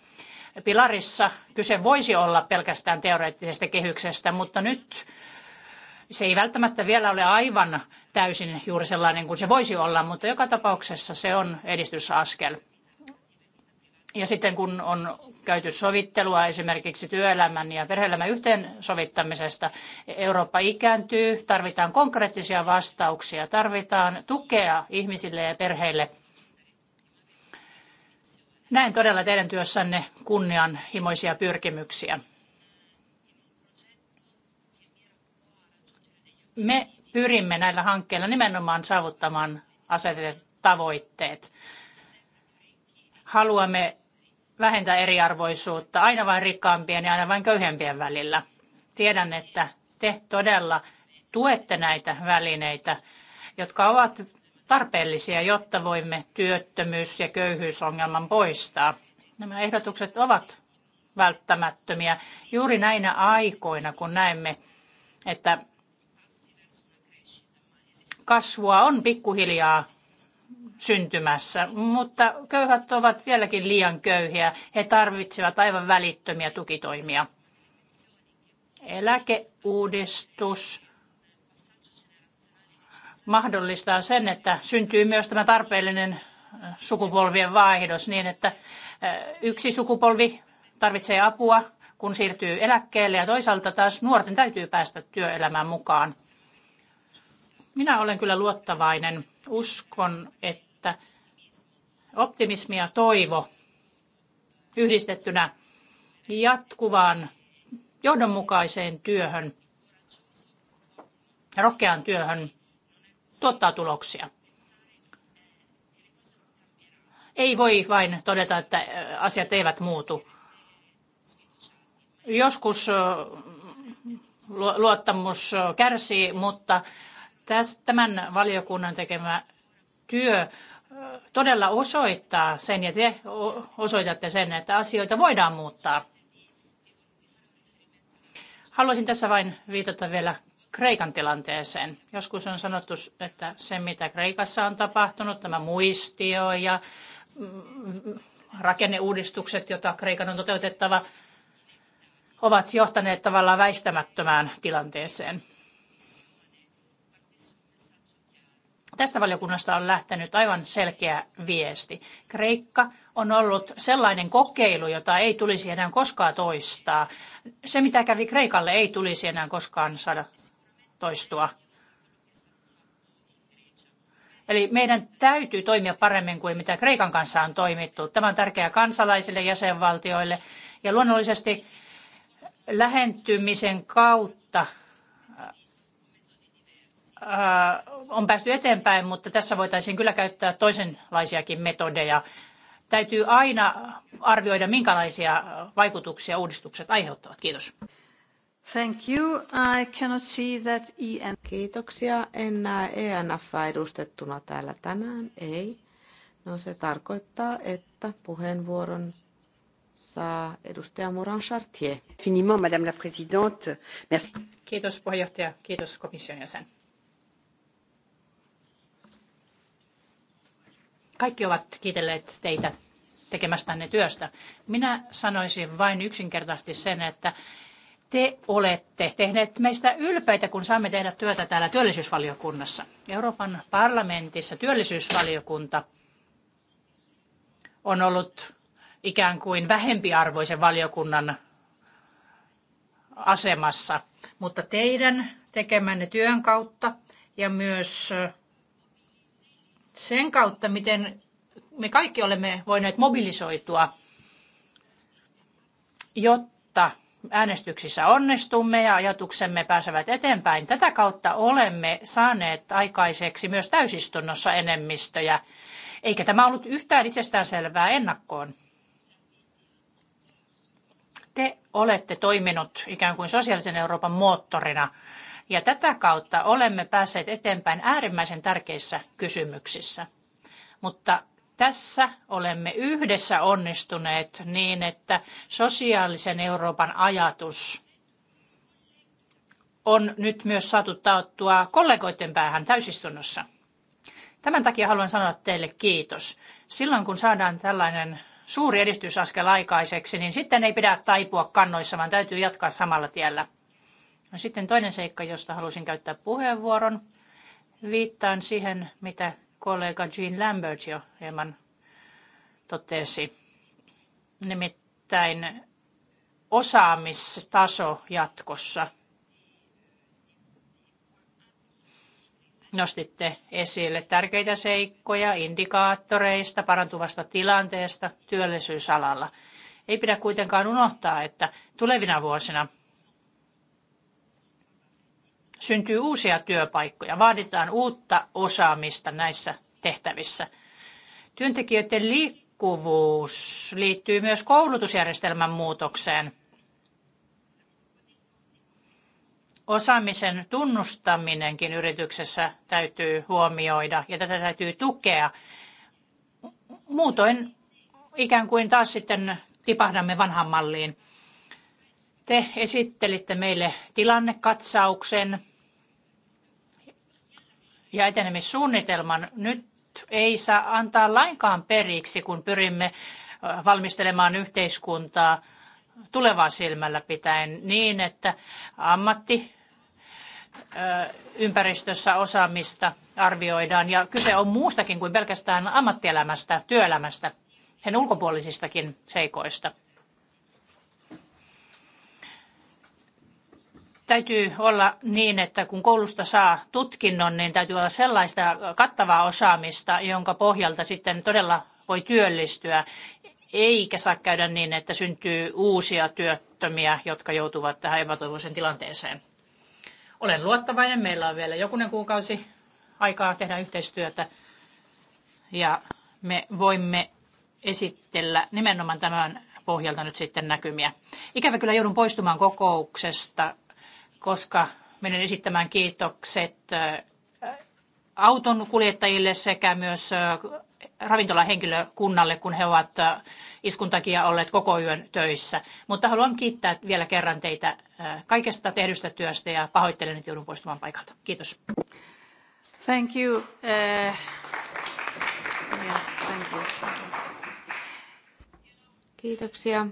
Pilarissa kyse voisi olla pelkästään teoreettisesta kehyksestä, mutta nyt se ei välttämättä vielä ole aivan täysin juuri sellainen kuin se voisi olla, mutta joka tapauksessa se on edistysaskel. Ja sitten kun on käyty sovittelua esimerkiksi työelämän ja perheelämän yhteensovittamisesta, Eurooppa ikääntyy, tarvitaan konkreettisia vastauksia, tarvitaan tukea ihmisille ja perheille. Näen todella teidän työssänne kunnianhimoisia pyrkimyksiä. Me pyrimme näillä hankkeilla nimenomaan saavuttamaan asetetut tavoitteet. Haluamme vähentää eriarvoisuutta aina vain rikkaampien ja aina vain köyhempien välillä. Tiedän, että te todella tuette näitä välineitä, jotka ovat tarpeellisia, jotta voimme työttömyys- ja köyhyysongelman poistaa. Nämä ehdotukset ovat välttämättömiä juuri näinä aikoina, kun näemme, että kasvua on pikkuhiljaa syntymässä, mutta köyhät ovat vieläkin liian köyhiä. He tarvitsevat aivan välittömiä tukitoimia. Eläkeuudistus mahdollistaa sen, että syntyy myös tämä tarpeellinen äh, sukupolvien vaihdos niin, että äh, yksi sukupolvi tarvitsee apua, kun siirtyy eläkkeelle ja toisaalta taas nuorten täytyy päästä työelämään mukaan. Minä olen kyllä luottavainen. Uskon, että optimismi ja toivo yhdistettynä jatkuvaan johdonmukaiseen työhön, rohkeaan työhön, tuottaa tuloksia. Ei voi vain todeta, että asiat eivät muutu. Joskus luottamus kärsii, mutta Tämän valiokunnan tekemä työ todella osoittaa sen ja te osoitatte sen, että asioita voidaan muuttaa. Haluaisin tässä vain viitata vielä Kreikan tilanteeseen. Joskus on sanottu, että se mitä Kreikassa on tapahtunut, tämä muistio ja mm, rakenneuudistukset, joita Kreikan on toteutettava, ovat johtaneet tavallaan väistämättömään tilanteeseen. Tästä valiokunnasta on lähtenyt aivan selkeä viesti. Kreikka on ollut sellainen kokeilu, jota ei tulisi enää koskaan toistaa. Se, mitä kävi Kreikalle, ei tulisi enää koskaan saada toistua. Eli meidän täytyy toimia paremmin kuin mitä Kreikan kanssa on toimittu. Tämä on tärkeää kansalaisille, jäsenvaltioille ja luonnollisesti lähentymisen kautta Äh, on päästy eteenpäin, mutta tässä voitaisiin kyllä käyttää toisenlaisiakin metodeja. Täytyy aina arvioida, minkälaisia vaikutuksia uudistukset aiheuttavat. Kiitos. Thank you. I cannot see that EN... Kiitoksia. En näe ENF edustettuna täällä tänään. Ei. No se tarkoittaa, että puheenvuoron saa edustaja Moran Chartier. Finiment, Madame la Présidente. Merci. Kiitos puheenjohtaja. Kiitos komission jäsen. Kaikki ovat kiitelleet teitä tekemästänne työstä. Minä sanoisin vain yksinkertaisesti sen, että te olette tehneet meistä ylpeitä, kun saamme tehdä työtä täällä työllisyysvaliokunnassa. Euroopan parlamentissa työllisyysvaliokunta on ollut ikään kuin vähempiarvoisen valiokunnan asemassa, mutta teidän tekemänne työn kautta ja myös sen kautta, miten me kaikki olemme voineet mobilisoitua, jotta äänestyksissä onnistumme ja ajatuksemme pääsevät eteenpäin. Tätä kautta olemme saaneet aikaiseksi myös täysistunnossa enemmistöjä, eikä tämä ollut yhtään itsestäänselvää ennakkoon. Te olette toiminut ikään kuin sosiaalisen Euroopan moottorina ja tätä kautta olemme päässeet eteenpäin äärimmäisen tärkeissä kysymyksissä. Mutta tässä olemme yhdessä onnistuneet niin, että sosiaalisen Euroopan ajatus on nyt myös saatu taottua kollegoiden päähän täysistunnossa. Tämän takia haluan sanoa teille kiitos. Silloin kun saadaan tällainen suuri edistysaskel aikaiseksi, niin sitten ei pidä taipua kannoissa, vaan täytyy jatkaa samalla tiellä. No sitten toinen seikka, josta halusin käyttää puheenvuoron. Viittaan siihen, mitä kollega Jean Lambert jo hieman totesi. Nimittäin osaamistaso jatkossa. Nostitte esille tärkeitä seikkoja indikaattoreista, parantuvasta tilanteesta työllisyysalalla. Ei pidä kuitenkaan unohtaa, että tulevina vuosina – syntyy uusia työpaikkoja, vaaditaan uutta osaamista näissä tehtävissä. Työntekijöiden liikkuvuus liittyy myös koulutusjärjestelmän muutokseen. Osaamisen tunnustaminenkin yrityksessä täytyy huomioida ja tätä täytyy tukea. Muutoin ikään kuin taas sitten tipahdamme vanhaan malliin. Te esittelitte meille tilannekatsauksen ja etenemissuunnitelman. Nyt ei saa antaa lainkaan periksi, kun pyrimme valmistelemaan yhteiskuntaa tulevaa silmällä pitäen niin, että ammatti ympäristössä osaamista arvioidaan. Ja kyse on muustakin kuin pelkästään ammattielämästä, työelämästä, sen ulkopuolisistakin seikoista. täytyy olla niin, että kun koulusta saa tutkinnon, niin täytyy olla sellaista kattavaa osaamista, jonka pohjalta sitten todella voi työllistyä, eikä saa käydä niin, että syntyy uusia työttömiä, jotka joutuvat tähän epätoivoisen tilanteeseen. Olen luottavainen, meillä on vielä jokunen kuukausi aikaa tehdä yhteistyötä ja me voimme esitellä nimenomaan tämän pohjalta nyt sitten näkymiä. Ikävä kyllä joudun poistumaan kokouksesta koska menen esittämään kiitokset auton kuljettajille sekä myös ravintolahenkilökunnalle, kun he ovat iskun takia olleet koko yön töissä. Mutta haluan kiittää vielä kerran teitä kaikesta tehdystä työstä ja pahoittelen, että joudun poistumaan paikalta. Kiitos. Thank you. Uh, yeah, thank you. Kiitoksia.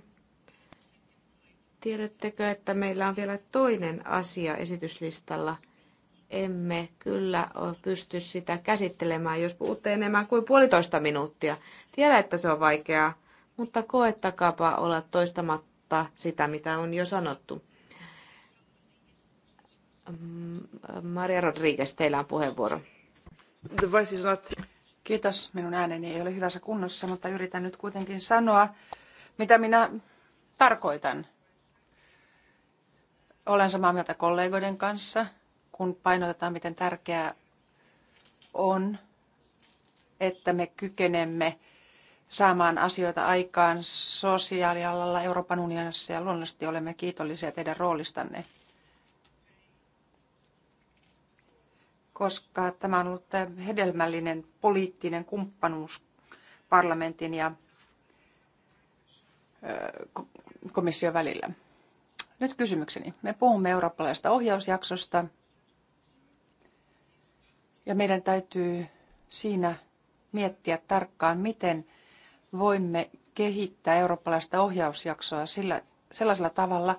Tiedättekö, että meillä on vielä toinen asia esityslistalla? Emme kyllä pysty sitä käsittelemään, jos puhutte enemmän kuin puolitoista minuuttia. Tiedä, että se on vaikeaa, mutta koettakaapa olla toistamatta sitä, mitä on jo sanottu. Maria Rodriguez, teillä on puheenvuoro. Kiitos, minun ääneni ei ole hyvässä kunnossa, mutta yritän nyt kuitenkin sanoa, mitä minä tarkoitan. Olen samaa mieltä kollegoiden kanssa, kun painotetaan, miten tärkeää on, että me kykenemme saamaan asioita aikaan sosiaalialalla Euroopan unionissa ja luonnollisesti olemme kiitollisia teidän roolistanne. Koska tämä on ollut hedelmällinen poliittinen kumppanuus parlamentin ja komission välillä. Nyt kysymykseni. Me puhumme eurooppalaisesta ohjausjaksosta ja meidän täytyy siinä miettiä tarkkaan, miten voimme kehittää eurooppalaista ohjausjaksoa sillä, sellaisella tavalla,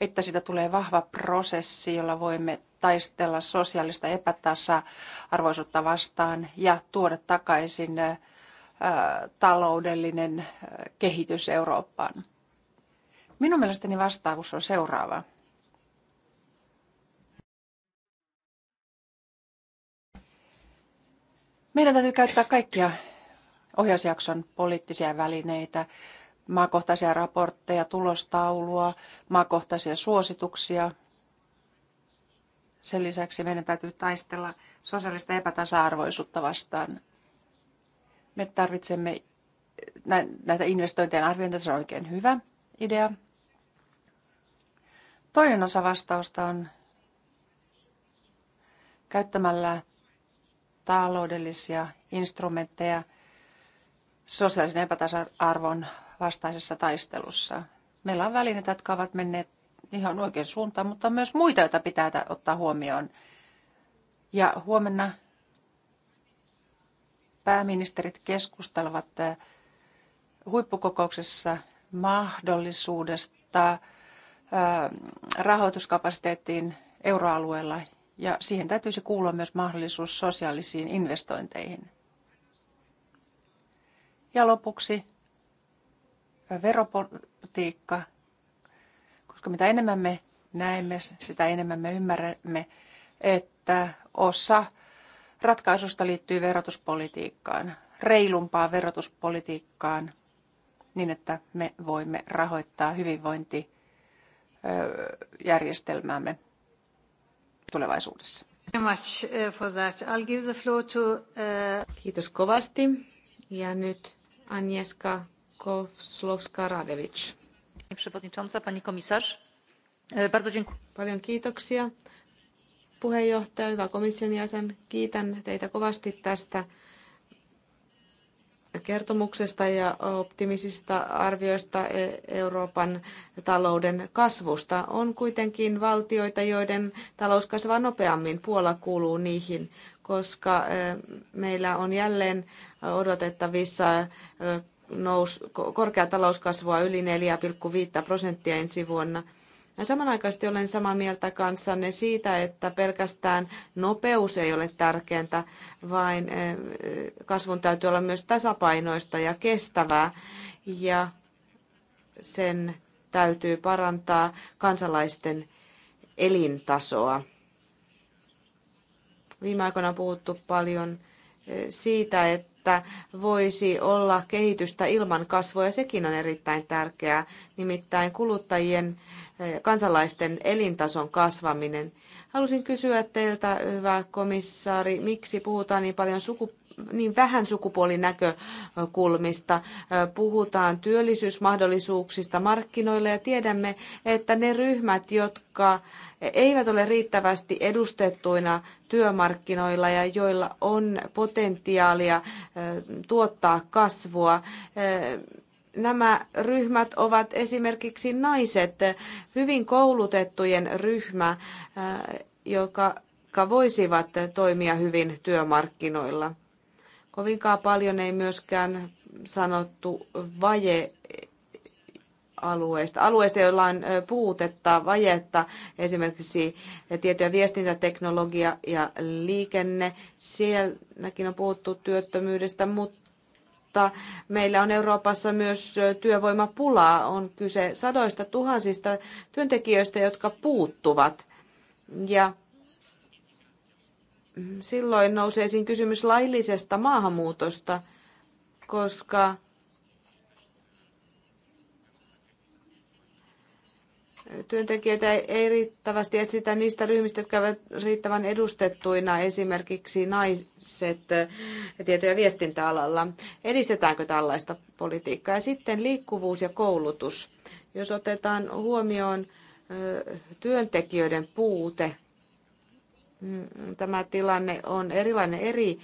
että siitä tulee vahva prosessi, jolla voimme taistella sosiaalista epätasa-arvoisuutta vastaan ja tuoda takaisin taloudellinen kehitys Eurooppaan. Minun mielestäni vastaavuus on seuraava. Meidän täytyy käyttää kaikkia ohjausjakson poliittisia välineitä, maakohtaisia raportteja, tulostaulua, maakohtaisia suosituksia. Sen lisäksi meidän täytyy taistella sosiaalista epätasa-arvoisuutta vastaan. Me tarvitsemme näitä investointien arviointia, se on oikein hyvä idea. Toinen osa vastausta on käyttämällä taloudellisia instrumentteja sosiaalisen epätasa-arvon vastaisessa taistelussa. Meillä on välineitä, jotka ovat menneet ihan oikein suuntaan, mutta on myös muita, joita pitää ottaa huomioon. Ja huomenna pääministerit keskustelevat eh, huippukokouksessa mahdollisuudesta rahoituskapasiteettiin euroalueella ja siihen täytyisi kuulua myös mahdollisuus sosiaalisiin investointeihin. Ja lopuksi veropolitiikka, koska mitä enemmän me näemme, sitä enemmän me ymmärrämme, että osa ratkaisusta liittyy verotuspolitiikkaan, reilumpaan verotuspolitiikkaan, niin että me voimme rahoittaa hyvinvointi järjestelmäämme tulevaisuudessa. Uh, uh, Kiitos kovasti. Ja nyt Agnieszka Kowslowska-Radewicz. Przewodnicząca, pani komisarz. E, bardzo dziękuję. Paljon kiitoksia. Puheenjohtaja, hyvä komission jäsen, kiitän teitä kovasti tästä kertomuksesta ja optimisista arvioista e- Euroopan talouden kasvusta. On kuitenkin valtioita, joiden talous kasvaa nopeammin. Puola kuuluu niihin, koska e, meillä on jälleen odotettavissa e, nous, korkea talouskasvua yli 4,5 prosenttia ensi vuonna – Mä samanaikaisesti olen samaa mieltä kanssanne siitä, että pelkästään nopeus ei ole tärkeintä, vaan eh, kasvun täytyy olla myös tasapainoista ja kestävää. Ja sen täytyy parantaa kansalaisten elintasoa. Viime aikoina on puhuttu paljon eh, siitä, että voisi olla kehitystä ilman kasvoja sekin on erittäin tärkeää. Nimittäin kuluttajien kansalaisten elintason kasvaminen. Halusin kysyä teiltä, hyvä komissaari, miksi puhutaan niin paljon suku, niin vähän sukupuolinäkökulmista. Puhutaan työllisyysmahdollisuuksista markkinoilla ja tiedämme, että ne ryhmät, jotka eivät ole riittävästi edustettuina työmarkkinoilla ja joilla on potentiaalia tuottaa kasvua, nämä ryhmät ovat esimerkiksi naiset, hyvin koulutettujen ryhmä, äh, joka jotka voisivat toimia hyvin työmarkkinoilla. Kovinkaan paljon ei myöskään sanottu vaje alueista, alueista, joilla on puutetta, vajetta, esimerkiksi tieto- ja viestintäteknologia ja liikenne. Sielläkin on puhuttu työttömyydestä, mutta mutta meillä on Euroopassa myös työvoimapulaa. On kyse sadoista tuhansista työntekijöistä, jotka puuttuvat. Ja silloin nousee esiin kysymys laillisesta maahanmuutosta, koska työntekijöitä ei riittävästi etsitä niistä ryhmistä, jotka ovat riittävän edustettuina, esimerkiksi naiset tieto- ja viestintäalalla. Edistetäänkö tällaista politiikkaa? Ja sitten liikkuvuus ja koulutus. Jos otetaan huomioon työntekijöiden puute, mm, tämä tilanne on erilainen eri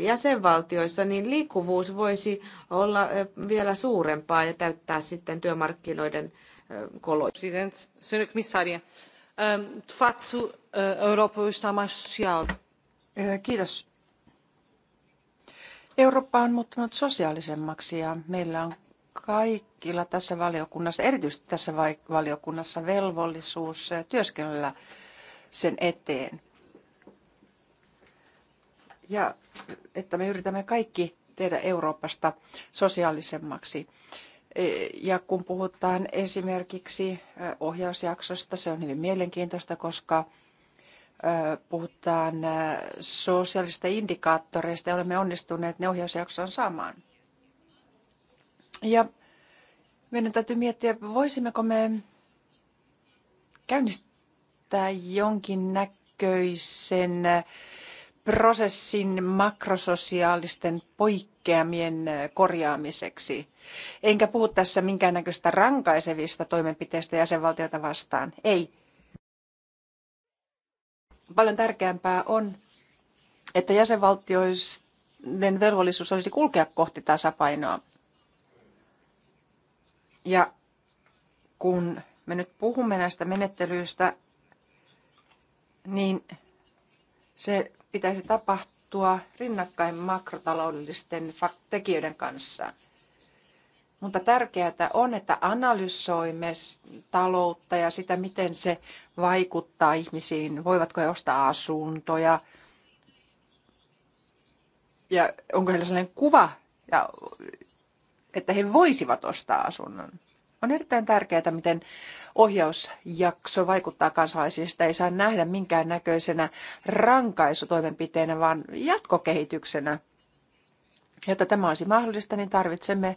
jäsenvaltioissa, niin liikkuvuus voisi olla vielä suurempaa ja täyttää sitten työmarkkinoiden Eh, colónia. Presidente, Senhora Komissaria, ehm, de facto eh, a Europa está mais social. Eh, kiitos. Eurooppa on muuttunut sosiaalisemmaksi ja meillä on kaikilla tässä valiokunnassa, erityisesti tässä valiokunnassa, velvollisuus työskennellä sen eteen. Ja että me yritämme kaikki tehdä Euroopasta sosiaalisemmaksi. E, ja kun puhutaan esimerkiksi e, ohjausjaksosta, se on hyvin mielenkiintoista, koska e, puhutaan sosiaalisista indikaattoreista ja olemme onnistuneet ne ohjausjakson saamaan. Ja meidän täytyy miettiä, voisimmeko me käynnistää jonkinnäköisen näköisen prosessin makrososiaalisten poikkeamien eh, korjaamiseksi. Enkä puhu tässä minkäännäköistä rankaisevista toimenpiteistä jäsenvaltioita vastaan. Ei. Paljon tärkeämpää on, että jäsenvaltioiden velvollisuus olisi kulkea kohti tasapainoa. Ja kun me nyt puhumme näistä menettelyistä, niin se pitäisi tapahtua rinnakkain makrotaloudellisten tekijöiden kanssa. Mutta tärkeää on, että analysoimme taloutta ja sitä, miten se vaikuttaa ihmisiin, voivatko he ostaa asuntoja ja onko heillä sellainen kuva, että he voisivat ostaa asunnon. On erittäin tärkeää, miten ohjausjakso vaikuttaa kansalaisiin. Sitä ei saa nähdä minkään näköisenä rankaisutoimenpiteenä, vaan jatkokehityksenä. Jotta tämä olisi mahdollista, niin tarvitsemme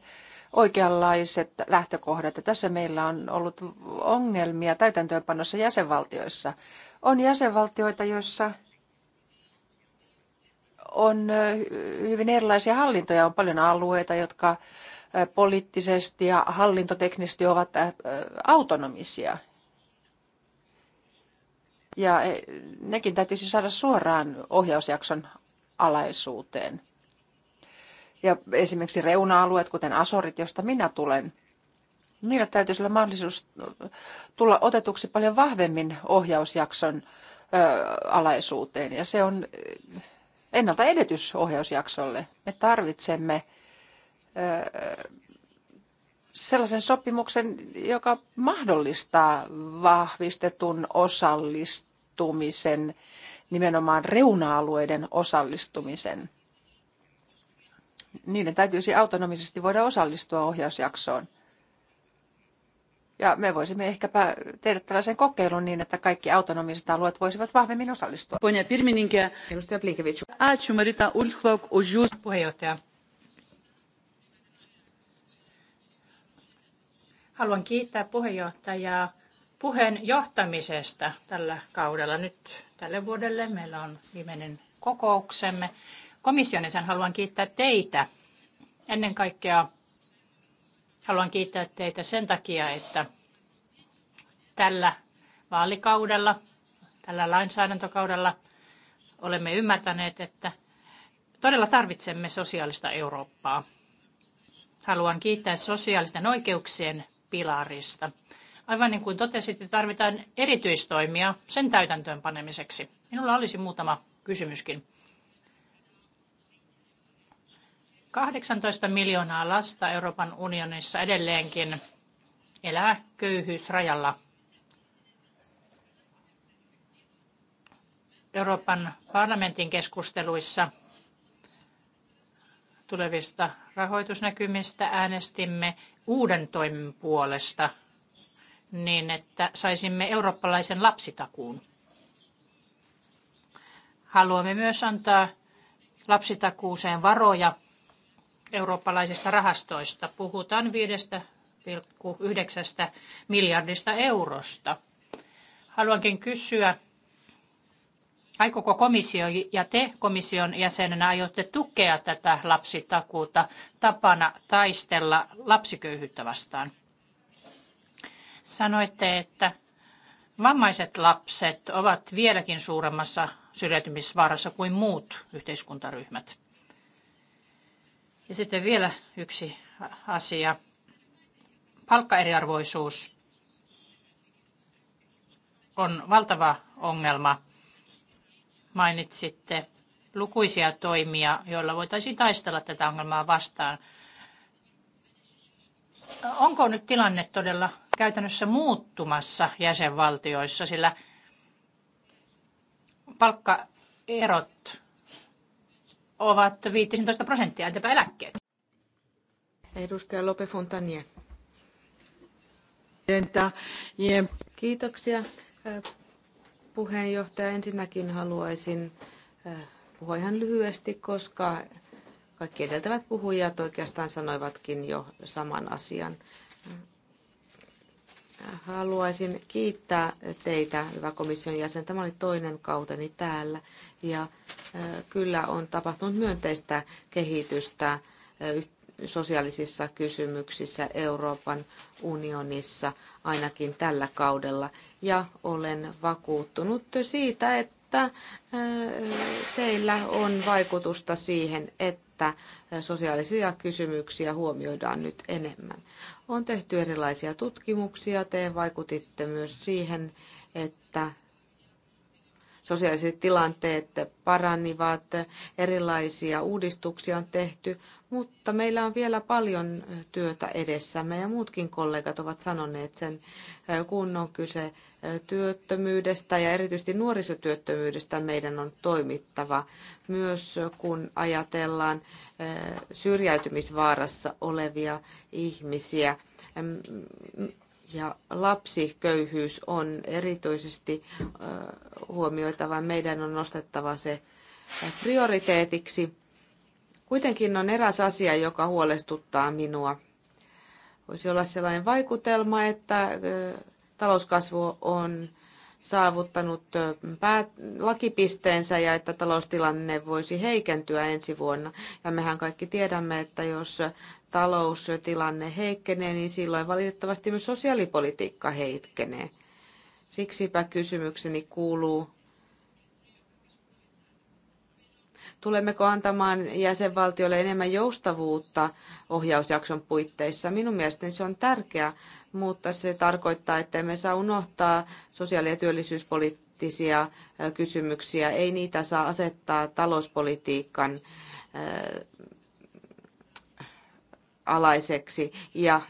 oikeanlaiset lähtökohdat. Ja tässä meillä on ollut ongelmia täytäntöönpanossa jäsenvaltioissa. On jäsenvaltioita, joissa on hyvin erilaisia hallintoja. On paljon alueita, jotka poliittisesti ja hallintoteknisesti ovat autonomisia. Ja e, nekin täytyisi saada suoraan ohjausjakson alaisuuteen. Ja esimerkiksi reuna-alueet, kuten Asorit, josta minä tulen, niillä täytyisi olla mahdollisuus tulla otetuksi paljon vahvemmin ohjausjakson alaisuuteen. Ja se on ennalta edetys ohjausjaksolle. Me tarvitsemme sellaisen sopimuksen, joka mahdollistaa vahvistetun osallistumisen, nimenomaan reuna-alueiden osallistumisen. Niiden täytyisi autonomisesti voida osallistua ohjausjaksoon. Ja me voisimme ehkäpä tehdä tällaisen kokeilun niin, että kaikki autonomiset alueet voisivat vahvemmin osallistua. Puheenjohtaja Pirmininkä. Edustaja Blinkevich. Puheenjohtaja Haluan kiittää puheenjohtajaa puheen johtamisesta tällä kaudella. Nyt tälle vuodelle meillä on viimeinen kokouksemme. Komission sen haluan kiittää teitä. Ennen kaikkea haluan kiittää teitä sen takia, että tällä vaalikaudella, tällä lainsäädäntökaudella olemme ymmärtäneet, että todella tarvitsemme sosiaalista Eurooppaa. Haluan kiittää sosiaalisten oikeuksien pilarista. Aivan niin kuin totesitte, tarvitaan erityistoimia sen täytäntöön panemiseksi. Minulla olisi muutama kysymyskin. 18 miljoonaa lasta Euroopan unionissa edelleenkin elää köyhyysrajalla. Euroopan parlamentin keskusteluissa tulevista rahoitusnäkymistä äänestimme uuden toimen puolesta niin, että saisimme eurooppalaisen lapsitakuun. Haluamme myös antaa lapsitakuuseen varoja eurooppalaisista rahastoista. Puhutaan 5,9 miljardista eurosta. Haluankin kysyä, Aikooko komissio ja te komission jäsenenä aiotte tukea tätä lapsitakuuta tapana taistella lapsiköyhyyttä vastaan? Sanoitte, että vammaiset lapset ovat vieläkin suuremmassa syrjäytymisvaarassa kuin muut yhteiskuntaryhmät. Ja sitten vielä yksi asia. Palkkaeriarvoisuus on valtava ongelma mainitsitte lukuisia toimia, joilla voitaisiin taistella tätä ongelmaa vastaan. Onko nyt tilanne todella käytännössä muuttumassa jäsenvaltioissa, sillä palkkaerot ovat 15 prosenttia, entäpä eläkkeet? Edustaja Lope Fontanier. Kiitoksia puheenjohtaja. Ensinnäkin haluaisin äh, puhua ihan lyhyesti, koska kaikki edeltävät puhujat oikeastaan sanoivatkin jo saman asian. Äh, haluaisin kiittää teitä, hyvä komission jäsen. Tämä oli toinen kauteni täällä ja äh, kyllä on tapahtunut myönteistä kehitystä sosiaalisissa kysymyksissä Euroopan unionissa ainakin tällä kaudella. Ja olen vakuuttunut siitä, että äh, teillä on vaikutusta siihen, että äh, sosiaalisia kysymyksiä huomioidaan nyt enemmän. On tehty erilaisia tutkimuksia, te vaikutitte myös siihen, että sosiaaliset tilanteet paranivat, erilaisia uudistuksia on tehty, mutta meillä on vielä paljon työtä edessämme ja muutkin kollegat ovat sanoneet sen, kun on kyse työttömyydestä ja erityisesti nuorisotyöttömyydestä meidän on toimittava. Myös kun ajatellaan eh, syrjäytymisvaarassa olevia ihmisiä, ja lapsiköyhyys on erityisesti huomioitava. Meidän on nostettava se prioriteetiksi. Kuitenkin on eräs asia, joka huolestuttaa minua. Voisi olla sellainen vaikutelma, että talouskasvu on saavuttanut lakipisteensä ja että taloustilanne voisi heikentyä ensi vuonna. Ja mehän kaikki tiedämme, että jos taloustilanne heikkenee, niin silloin valitettavasti myös sosiaalipolitiikka heikkenee. Siksipä kysymykseni kuuluu, tulemmeko antamaan jäsenvaltiolle enemmän joustavuutta ohjausjakson puitteissa. Minun mielestäni se on tärkeää, mutta se tarkoittaa, että emme saa unohtaa sosiaali- ja työllisyyspoliittisia kysymyksiä. Ei niitä saa asettaa talouspolitiikan alaiseksi ja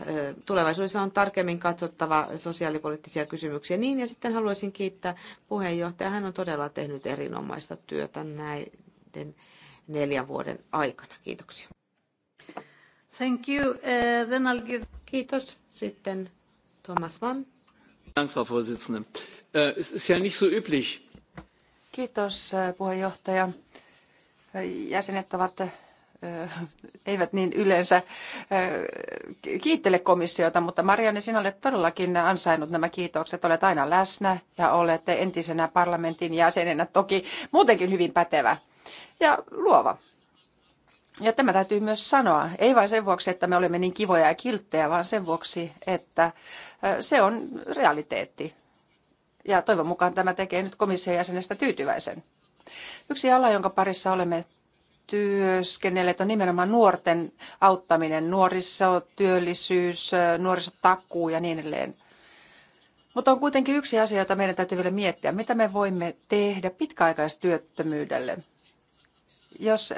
tulevaisuudessa on tarkemmin katsottava sosiaalipoliittisia kysymyksiä. Niin ja sitten haluaisin kiittää puheenjohtajaa. Hän on todella tehnyt erinomaista työtä näiden neljän vuoden aikana. Kiitoksia. Thank you. Uh, then I'll give... Kiitos. Sitten Thomas Mann. Dank, Frau Vorsitzende. Uh, es ist ja nicht so üblich. Kiitos äh, puheenjohtaja. Äh, jäsenet ovat eivät niin yleensä kiittele komissiota, mutta Marianne, sinä olet todellakin ansainnut nämä kiitokset. Olet aina läsnä ja olette entisenä parlamentin jäsenenä toki muutenkin hyvin pätevä ja luova. Ja tämä täytyy myös sanoa, ei vain sen vuoksi, että me olemme niin kivoja ja kilttejä, vaan sen vuoksi, että se on realiteetti. Ja toivon mukaan tämä tekee nyt komission jäsenestä tyytyväisen. Yksi ala, jonka parissa olemme työskennelleet on nimenomaan nuorten auttaminen, nuorisotyöllisyys, nuorisotakuu ja niin edelleen. Mutta on kuitenkin yksi asia, jota meidän täytyy vielä miettiä. Mitä me voimme tehdä pitkäaikaistyöttömyydelle? Jos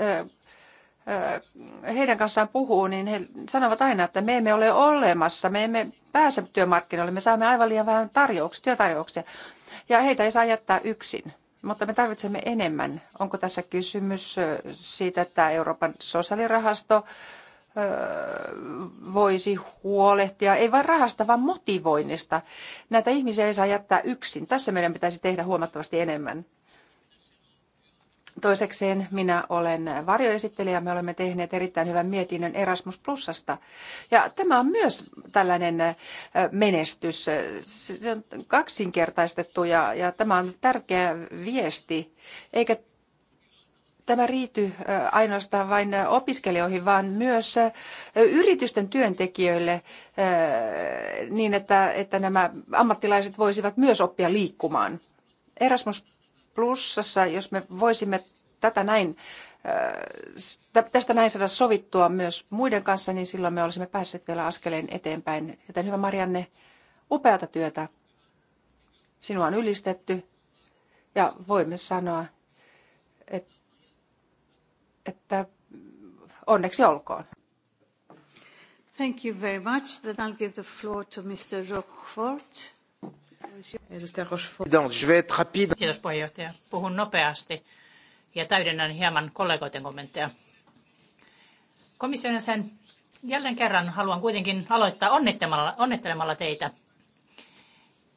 heidän kanssaan puhuu, niin he sanovat aina, että me emme ole olemassa, me emme pääse työmarkkinoille, me saamme aivan liian vähän tarjouksia, työtarjouksia. Ja heitä ei saa jättää yksin. Mutta me tarvitsemme enemmän. Onko tässä kysymys siitä, että Euroopan sosiaalirahasto voisi huolehtia, ei vain rahasta, vaan motivoinnista. Näitä ihmisiä ei saa jättää yksin. Tässä meidän pitäisi tehdä huomattavasti enemmän. Toisekseen minä olen varjoesittelijä. Me olemme tehneet erittäin hyvän mietinnön Erasmus Plusasta. Ja tämä on myös tällainen menestys. Se on kaksinkertaistettu ja, ja tämä on tärkeä viesti. Eikä tämä riity ainoastaan vain opiskelijoihin, vaan myös yritysten työntekijöille niin, että, että nämä ammattilaiset voisivat myös oppia liikkumaan. Erasmus plussassa, jos me voisimme tätä näin, äh, tästä näin saada sovittua myös muiden kanssa, niin silloin me olisimme päässeet vielä askeleen eteenpäin. Joten hyvä Marianne, upeata työtä. Sinua on ylistetty ja voimme sanoa, että, onneksi olkoon. Thank you very much. Then I'll give the floor to Mr. Rockford. Edustaja Rochefort. Kiitos puheenjohtaja. Puhun nopeasti ja täydennän hieman kollegoiden kommentteja. Komission sen jälleen kerran haluan kuitenkin aloittaa onnittelemalla, onnittelemalla teitä.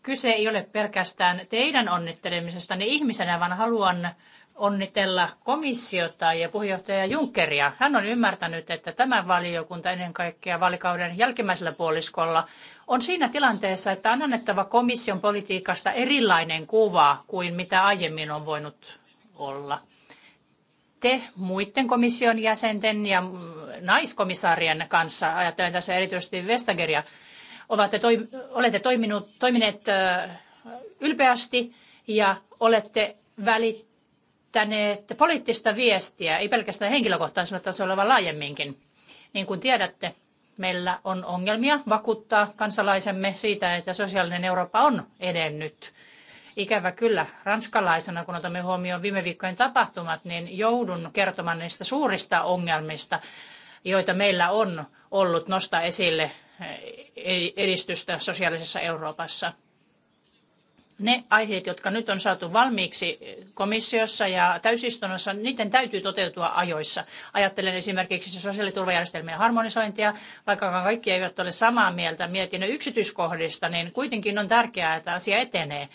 Kyse ei ole pelkästään teidän onnittelemisestanne ihmisenä, vaan haluan onnitella komissiota ja puheenjohtaja Junckeria. Hän on ymmärtänyt, että tämä valiokunta ennen kaikkea vaalikauden jälkimmäisellä puoliskolla on siinä tilanteessa, että on annettava komission politiikasta erilainen kuva kuin mitä aiemmin on voinut olla. Te muiden komission jäsenten ja naiskomissaarien kanssa, ajattelen tässä erityisesti Vestageria, olette, toim- olette toiminut, toimineet ylpeästi ja olette välittäneet välittäneet poliittista viestiä, ei pelkästään henkilökohtaisella tasolla, vaan laajemminkin. Niin kuin tiedätte, meillä on ongelmia vakuuttaa kansalaisemme siitä, että sosiaalinen Eurooppa on edennyt. Ikävä kyllä, ranskalaisena, kun otamme huomioon viime viikkojen tapahtumat, niin joudun kertomaan niistä suurista ongelmista, joita meillä on ollut nostaa esille edistystä sosiaalisessa Euroopassa ne aiheet, jotka nyt on saatu valmiiksi komissiossa ja täysistunnossa, niiden täytyy toteutua ajoissa. Ajattelen esimerkiksi sosiaaliturvajärjestelmien harmonisointia, vaikka kaikki eivät ole samaa mieltä mietinnön yksityiskohdista, niin kuitenkin on tärkeää, että asia etenee.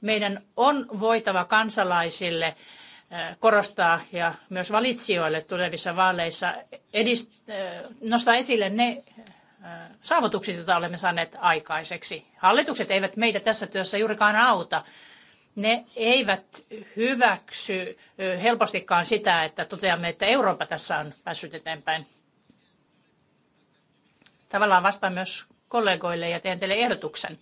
Meidän on voitava kansalaisille eh, korostaa ja myös valitsijoille tulevissa vaaleissa edist- eh, nostaa esille ne saavutukset, joita olemme saaneet aikaiseksi. Hallitukset eivät meitä tässä työssä juurikaan auta. Ne eivät hyväksy helpostikaan sitä, että toteamme, että Eurooppa tässä on päässyt eteenpäin. Tavallaan vastaan myös kollegoille ja teen teille ehdotuksen.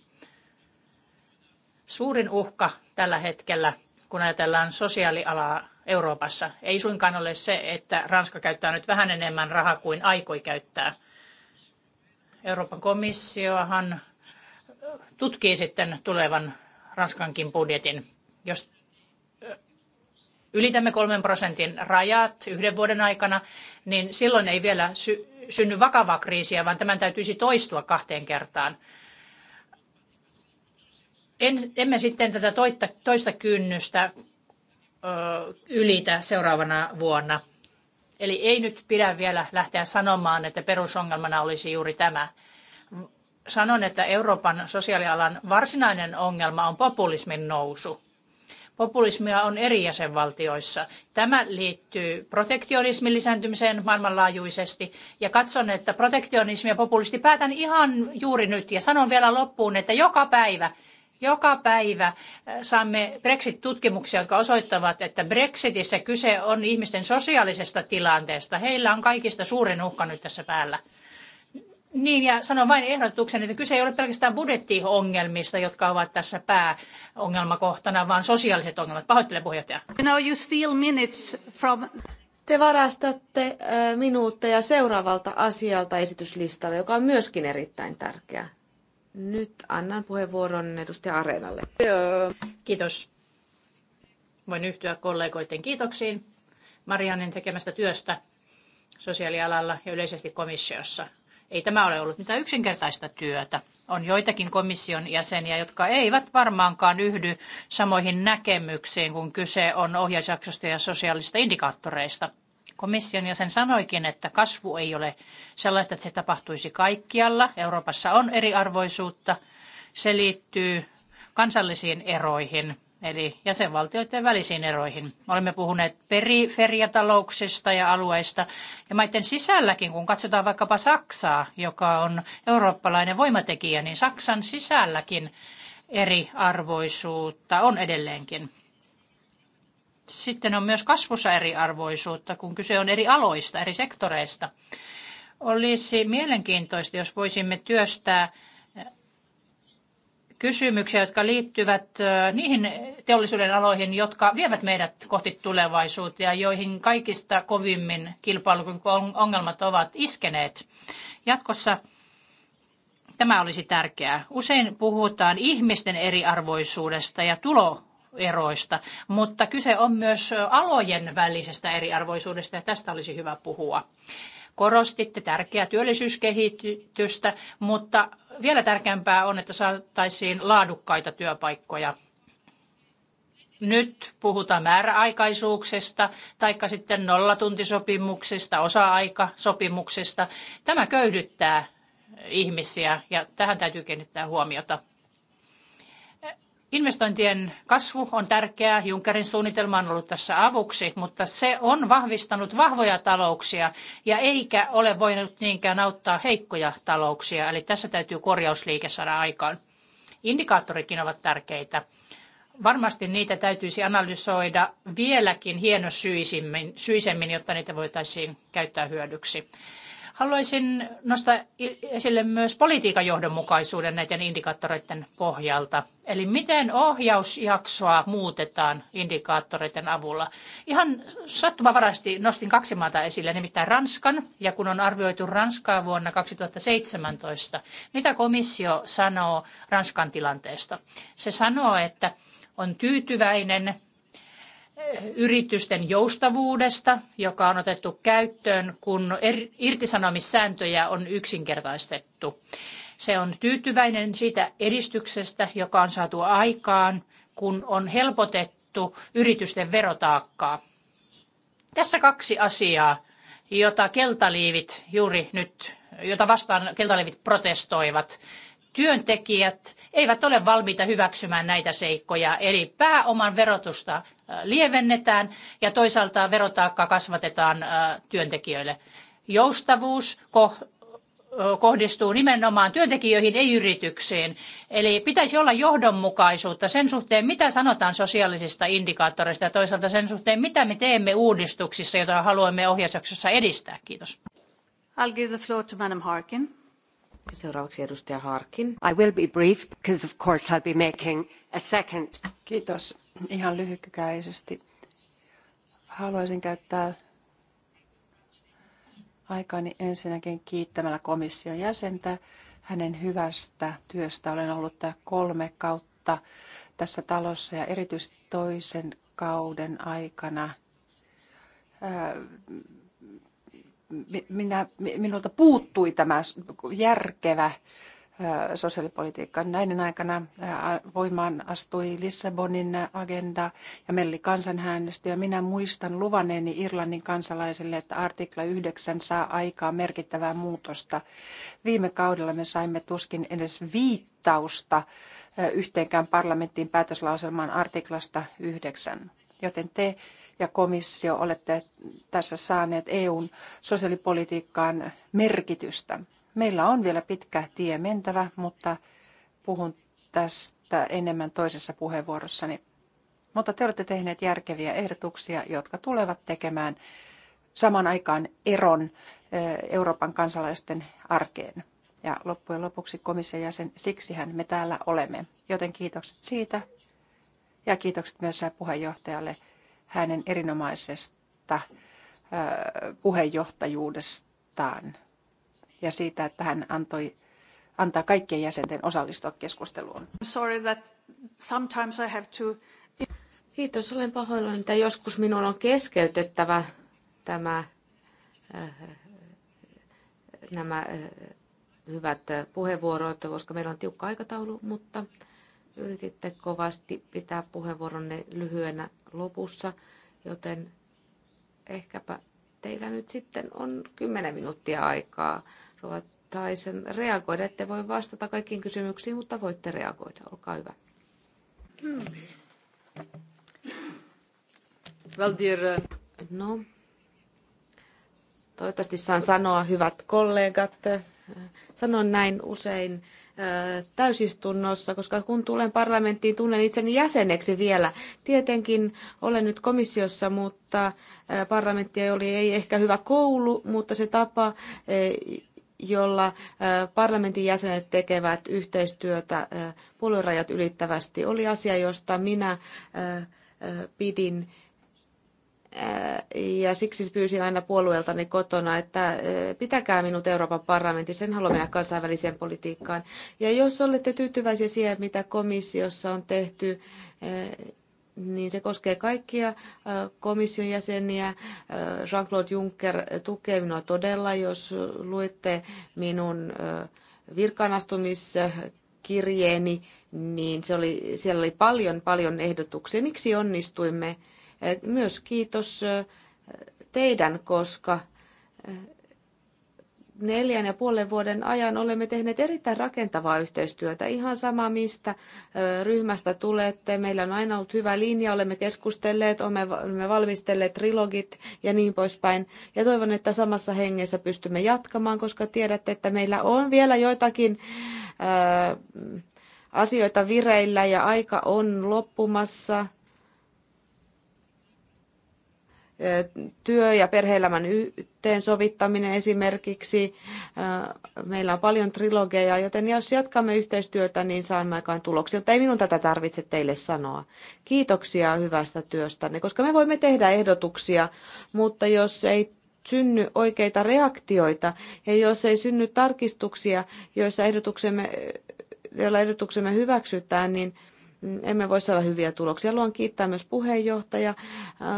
Suurin uhka tällä hetkellä, kun ajatellaan sosiaalialaa Euroopassa, ei suinkaan ole se, että Ranska käyttää nyt vähän enemmän rahaa kuin aikoi käyttää – Euroopan komissiohan tutkii sitten tulevan Ranskankin budjetin. Jos ylitämme kolmen prosentin rajat yhden vuoden aikana, niin silloin ei vielä sy- synny vakavaa kriisiä, vaan tämän täytyisi toistua kahteen kertaan. En, emme sitten tätä toista, toista kynnystä ö, ylitä seuraavana vuonna. Eli ei nyt pidä vielä lähteä sanomaan, että perusongelmana olisi juuri tämä. Sanon, että Euroopan sosiaalialan varsinainen ongelma on populismin nousu. Populismia on eri jäsenvaltioissa. Tämä liittyy protektionismin lisääntymiseen maailmanlaajuisesti. Ja katson, että protektionismi ja populisti päätän ihan juuri nyt. Ja sanon vielä loppuun, että joka päivä joka päivä äh, saamme Brexit-tutkimuksia, jotka osoittavat, että Brexitissä kyse on ihmisten sosiaalisesta tilanteesta. Heillä on kaikista suurin uhka nyt tässä päällä. Niin, ja sanon vain ehdotuksen, että kyse ei ole pelkästään budjettiongelmista, jotka ovat tässä pääongelmakohtana, vaan sosiaaliset ongelmat. Pahoittelen puheenjohtaja. Now you steal minutes from... Te varastatte äh, minuutteja seuraavalta asialta esityslistalle, joka on myöskin erittäin tärkeä. Nyt annan puheenvuoron edustaja Areenalle. Kiitos. Voin yhtyä kollegoiden kiitoksiin Mariannen tekemästä työstä sosiaalialalla ja yleisesti komissiossa. Ei tämä ole ollut mitään yksinkertaista työtä. On joitakin komission jäseniä, jotka eivät varmaankaan yhdy samoihin näkemyksiin, kun kyse on ohjausjaksosta ja sosiaalista indikaattoreista. Komission jäsen sanoikin, että kasvu ei ole sellaista, että se tapahtuisi kaikkialla. Euroopassa on eriarvoisuutta. Se liittyy kansallisiin eroihin, eli jäsenvaltioiden välisiin eroihin. Olemme puhuneet periferiatalouksista ja alueista. Ja maiden sisälläkin, kun katsotaan vaikkapa Saksaa, joka on eurooppalainen voimatekijä, niin Saksan sisälläkin eriarvoisuutta on edelleenkin. Sitten on myös kasvussa eriarvoisuutta, kun kyse on eri aloista, eri sektoreista. Olisi mielenkiintoista, jos voisimme työstää eh, kysymyksiä, jotka liittyvät eh, niihin teollisuuden aloihin, jotka vievät meidät kohti tulevaisuutta ja joihin kaikista kovimmin kilpailuongelmat ovat iskeneet. Jatkossa tämä olisi tärkeää. Usein puhutaan ihmisten eriarvoisuudesta ja tulo eroista, mutta kyse on myös alojen välisestä eriarvoisuudesta ja tästä olisi hyvä puhua. Korostitte tärkeää työllisyyskehitystä, mutta vielä tärkeämpää on, että saataisiin laadukkaita työpaikkoja nyt puhutaan määräaikaisuuksesta tai sitten nollatuntisopimuksista, osa-aikasopimuksista. Tämä köyhdyttää ihmisiä ja tähän täytyy kiinnittää huomiota. Investointien kasvu on tärkeää. Junckerin suunnitelma on ollut tässä avuksi, mutta se on vahvistanut vahvoja talouksia ja eikä ole voinut niinkään auttaa heikkoja talouksia. Eli tässä täytyy korjausliike saada aikaan. Indikaattorikin ovat tärkeitä. Varmasti niitä täytyisi analysoida vieläkin hienosyisemmin, jotta niitä voitaisiin käyttää hyödyksi. Haluaisin nostaa esille myös politiikan johdonmukaisuuden näiden indikaattoreiden pohjalta. Eli miten ohjausjaksoa muutetaan indikaattoreiden avulla. Ihan sattumavaraisesti nostin kaksi maata esille, nimittäin Ranskan, ja kun on arvioitu Ranskaa vuonna 2017, mitä komissio sanoo Ranskan tilanteesta? Se sanoo, että on tyytyväinen yritysten joustavuudesta, joka on otettu käyttöön, kun er, irtisanomissääntöjä on yksinkertaistettu. Se on tyytyväinen siitä edistyksestä, joka on saatu aikaan, kun on helpotettu yritysten verotaakkaa. Tässä kaksi asiaa, jota keltaliivit juuri nyt, jota vastaan keltaliivit protestoivat työntekijät eivät ole valmiita hyväksymään näitä seikkoja. Eli pääoman verotusta äh, lievennetään ja toisaalta verotaakkaa kasvatetaan äh, työntekijöille. Joustavuus äh, kohdistuu nimenomaan työntekijöihin, ei yrityksiin. Eli pitäisi olla johdonmukaisuutta sen suhteen, mitä sanotaan sosiaalisista indikaattoreista ja toisaalta sen suhteen, mitä me teemme uudistuksissa, joita haluamme ohjausjaksossa edistää. Kiitos. I'll give the floor to Madam Harkin. Seuraavaksi edustaja Harkin. I will be brief, because of course I'll be making a second. Kiitos. Ihan lyhykäisesti. Haluaisin käyttää aikani ensinnäkin kiittämällä komission jäsentä hänen hyvästä työstä. Olen ollut tämä kolme kautta tässä talossa ja erityisesti toisen kauden aikana minä, minulta puuttui tämä järkevä sosiaalipolitiikka. Näiden aikana voimaan astui Lissabonin agenda ja meillä oli kansanäänestö ja minä muistan luvaneeni Irlannin kansalaisille, että artikla 9 saa aikaa merkittävää muutosta. Viime kaudella me saimme tuskin edes viittausta yhteenkään parlamenttiin päätöslauselmaan artiklasta 9, joten te ja komissio olette tässä saaneet EUn sosiaalipolitiikkaan merkitystä. Meillä on vielä pitkä tie mentävä, mutta puhun tästä enemmän toisessa puheenvuorossani. Mutta te olette tehneet järkeviä ehdotuksia, jotka tulevat tekemään saman aikaan eron eh, Euroopan kansalaisten arkeen. Ja loppujen lopuksi komission jäsen, siksihän me täällä olemme. Joten kiitokset siitä ja kiitokset myös puheenjohtajalle hänen erinomaisesta puheenjohtajuudestaan ja siitä, että hän antoi antaa kaikkien jäsenten osallistua keskusteluun. Sorry that sometimes I have to... Kiitos, olen pahoillani, että joskus minun on keskeytettävä tämä, nämä hyvät puheenvuorot, koska meillä on tiukka aikataulu, mutta yrititte kovasti pitää puheenvuoronne lyhyenä lopussa, joten ehkäpä teillä nyt sitten on 10 minuuttia aikaa Rova reagoida. Ette voi vastata kaikkiin kysymyksiin, mutta voitte reagoida. Olkaa hyvä. Well, dear. Uh, no, toivottavasti saan sanoa, hyvät kollegat. Sanon näin usein täysistunnossa, koska kun tulen parlamenttiin, tunnen itseni jäseneksi vielä. Tietenkin olen nyt komissiossa, mutta parlamentti ei oli ei ehkä hyvä koulu, mutta se tapa, jolla parlamentin jäsenet tekevät yhteistyötä puoluerajat ylittävästi, oli asia, josta minä pidin ja siksi pyysin aina puolueeltani kotona, että pitäkää minut Euroopan parlamentin, sen haluan mennä kansainväliseen politiikkaan. Ja jos olette tyytyväisiä siihen, mitä komissiossa on tehty, niin se koskee kaikkia komission jäseniä. Jean-Claude Juncker tukee minua todella, jos luette minun virkanastumiskirjeeni, kirjeeni, niin se oli, siellä oli paljon, paljon ehdotuksia. Miksi onnistuimme myös kiitos teidän, koska neljän ja puolen vuoden ajan olemme tehneet erittäin rakentavaa yhteistyötä. Ihan sama, mistä ryhmästä tulette. Meillä on aina ollut hyvä linja, olemme keskustelleet, olemme valmistelleet trilogit ja niin poispäin. Ja toivon, että samassa hengessä pystymme jatkamaan, koska tiedätte, että meillä on vielä joitakin asioita vireillä ja aika on loppumassa – työ- ja perhe-elämän yhteensovittaminen esimerkiksi. Äh, meillä on paljon trilogeja, joten jos jatkamme yhteistyötä, niin saamme aikaan tuloksia. Mutta ei minun tätä tarvitse teille sanoa. Kiitoksia hyvästä työstänne, koska me voimme tehdä ehdotuksia, mutta jos ei synny oikeita reaktioita ja jos ei synny tarkistuksia, joissa ehdotuksemme, joilla ehdotuksemme hyväksytään, niin – emme voi saada hyviä tuloksia. Haluan kiittää myös puheenjohtaja, äh,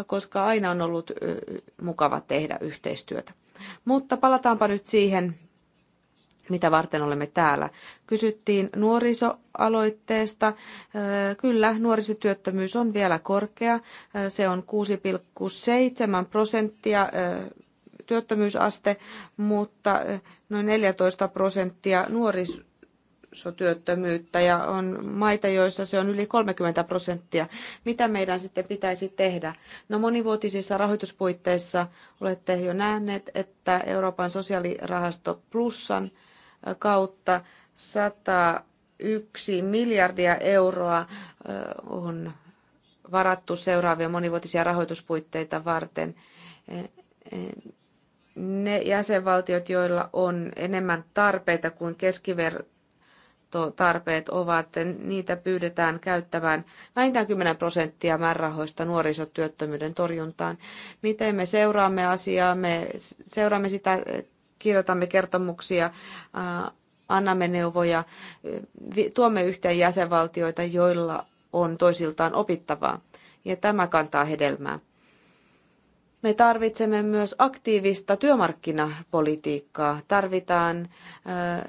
koska aina on ollut äh, mukava tehdä yhteistyötä. Mutta palataanpa nyt siihen, mitä varten olemme täällä. Kysyttiin nuorisoaloitteesta. Äh, kyllä, nuorisotyöttömyys on vielä korkea. Se on 6,7 prosenttia työttömyysaste, mutta noin 14 prosenttia nuorisotyöttömyydestä nuorisotyöttömyyttä ja on maita, joissa se on yli 30 prosenttia. Mitä meidän sitten pitäisi tehdä? No monivuotisissa rahoituspuitteissa olette jo nähneet, että Euroopan sosiaalirahasto plussan kautta 101 miljardia euroa on varattu seuraavia monivuotisia rahoituspuitteita varten e, e, ne jäsenvaltiot, joilla on enemmän tarpeita kuin keskiver- tarpeet ovat, niitä pyydetään käyttämään vähintään 10 prosenttia määrärahoista nuorisotyöttömyyden torjuntaan. Miten me seuraamme asiaa, me seuraamme sitä, kirjoitamme kertomuksia, äh, annamme neuvoja, äh, tuomme yhteen jäsenvaltioita, joilla on toisiltaan opittavaa. Ja tämä kantaa hedelmää. Me tarvitsemme myös aktiivista työmarkkinapolitiikkaa. Tarvitaan äh,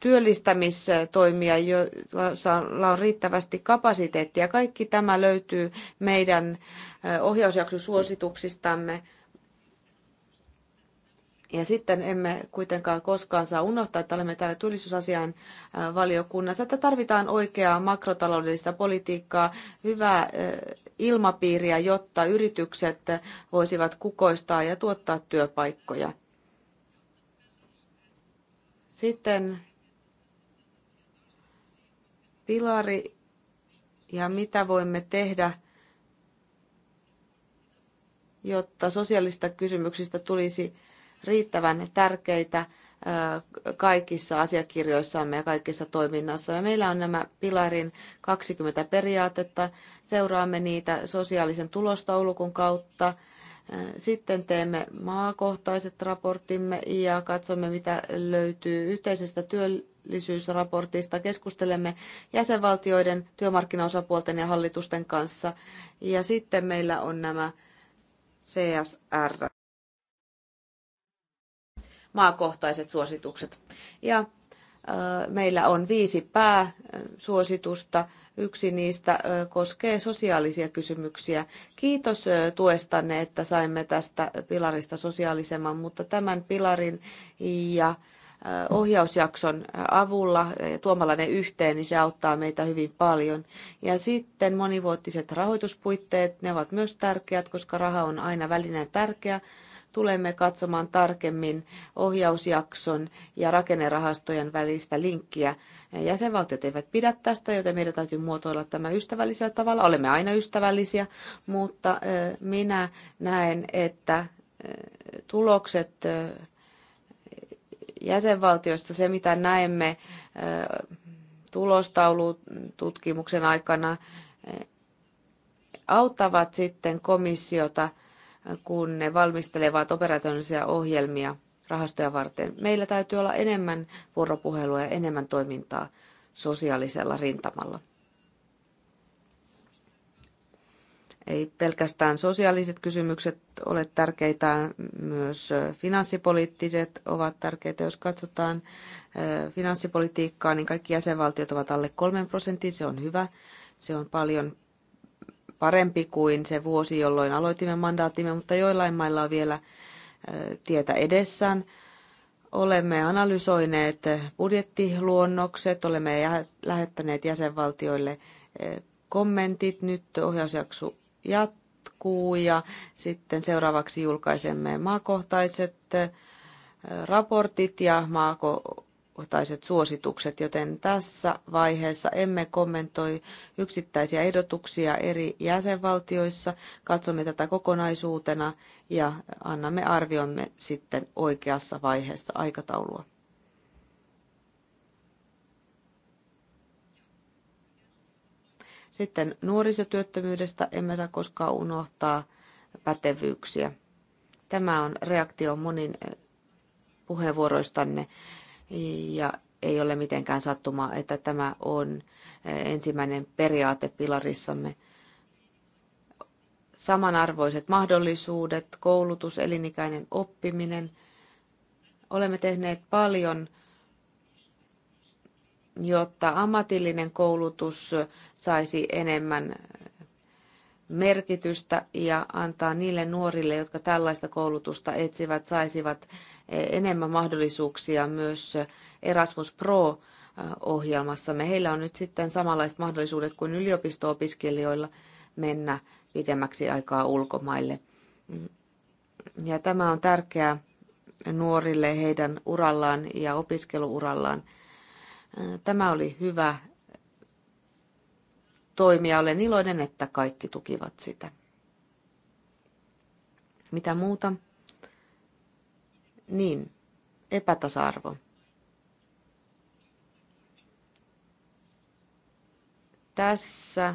työllistämistoimia, joilla on riittävästi kapasiteettia. Kaikki tämä löytyy meidän ohjausjaksosuosituksistamme. Ja sitten emme kuitenkaan koskaan saa unohtaa, että olemme täällä työllisyysasian valiokunnassa, että tarvitaan oikeaa makrotaloudellista politiikkaa, hyvää ilmapiiriä, jotta yritykset voisivat kukoistaa ja tuottaa työpaikkoja. Sitten pilari ja mitä voimme tehdä, jotta sosiaalista kysymyksistä tulisi riittävän tärkeitä kaikissa asiakirjoissamme ja kaikissa toiminnassa. Meillä on nämä pilarin 20 periaatetta. Seuraamme niitä sosiaalisen tulostaulukon kautta Äh, sitten teemme maakohtaiset raportimme ja katsomme, mitä löytyy yhteisestä työllisyysraportista. Keskustelemme jäsenvaltioiden, työmarkkinaosapuolten ja hallitusten kanssa. Ja sitten meillä on nämä CSR, maakohtaiset suositukset. Ja äh, meillä on viisi pääsuositusta Yksi niistä koskee sosiaalisia kysymyksiä. Kiitos tuestanne, että saimme tästä pilarista sosiaalisemman, mutta tämän pilarin ja ohjausjakson avulla tuomalla ne yhteen, niin se auttaa meitä hyvin paljon. Ja sitten monivuotiset rahoituspuitteet, ne ovat myös tärkeät, koska raha on aina välineen tärkeä, tulemme katsomaan tarkemmin ohjausjakson ja rakennerahastojen välistä linkkiä. Jäsenvaltiot eivät pidä tästä, joten meidän täytyy muotoilla tämä ystävällisellä tavalla. Olemme aina ystävällisiä, mutta minä näen, että tulokset jäsenvaltioista, se mitä näemme tulostaulututkimuksen aikana, auttavat sitten komissiota – kun ne valmistelevat operatiivisia ohjelmia rahastoja varten. Meillä täytyy olla enemmän vuoropuhelua ja enemmän toimintaa sosiaalisella rintamalla. Ei pelkästään sosiaaliset kysymykset ole tärkeitä, myös finanssipoliittiset ovat tärkeitä. Jos katsotaan finanssipolitiikkaa, niin kaikki jäsenvaltiot ovat alle 3 prosentin, se on hyvä. Se on paljon parempi kuin se vuosi, jolloin aloitimme mandaattimme, mutta joillain mailla on vielä tietä edessään. Olemme analysoineet budjettiluonnokset, olemme lähettäneet jäsenvaltioille kommentit. Nyt ohjausjakso jatkuu ja sitten seuraavaksi julkaisemme maakohtaiset raportit ja maako kohtaiset suositukset, joten tässä vaiheessa emme kommentoi yksittäisiä ehdotuksia eri jäsenvaltioissa, katsomme tätä kokonaisuutena ja annamme arviomme sitten oikeassa vaiheessa aikataulua. Sitten nuorisotyöttömyydestä emme saa koskaan unohtaa pätevyyksiä. Tämä on reaktio monin puheenvuoroistanne. Ja ei ole mitenkään sattumaa, että tämä on eh, ensimmäinen periaate pilarissamme. Samanarvoiset mahdollisuudet, koulutus, elinikäinen oppiminen. Olemme tehneet paljon, jotta ammatillinen koulutus saisi enemmän eh, merkitystä ja antaa niille nuorille, jotka tällaista koulutusta etsivät, saisivat enemmän mahdollisuuksia myös Erasmus Pro ohjelmassamme. Heillä on nyt sitten samanlaiset mahdollisuudet kuin yliopisto-opiskelijoilla mennä pidemmäksi aikaa ulkomaille. Ja tämä on tärkeää nuorille heidän urallaan ja opiskeluurallaan. Tämä oli hyvä toimia. Olen iloinen, että kaikki tukivat sitä. Mitä muuta? Niin, epätasa-arvo. Tässä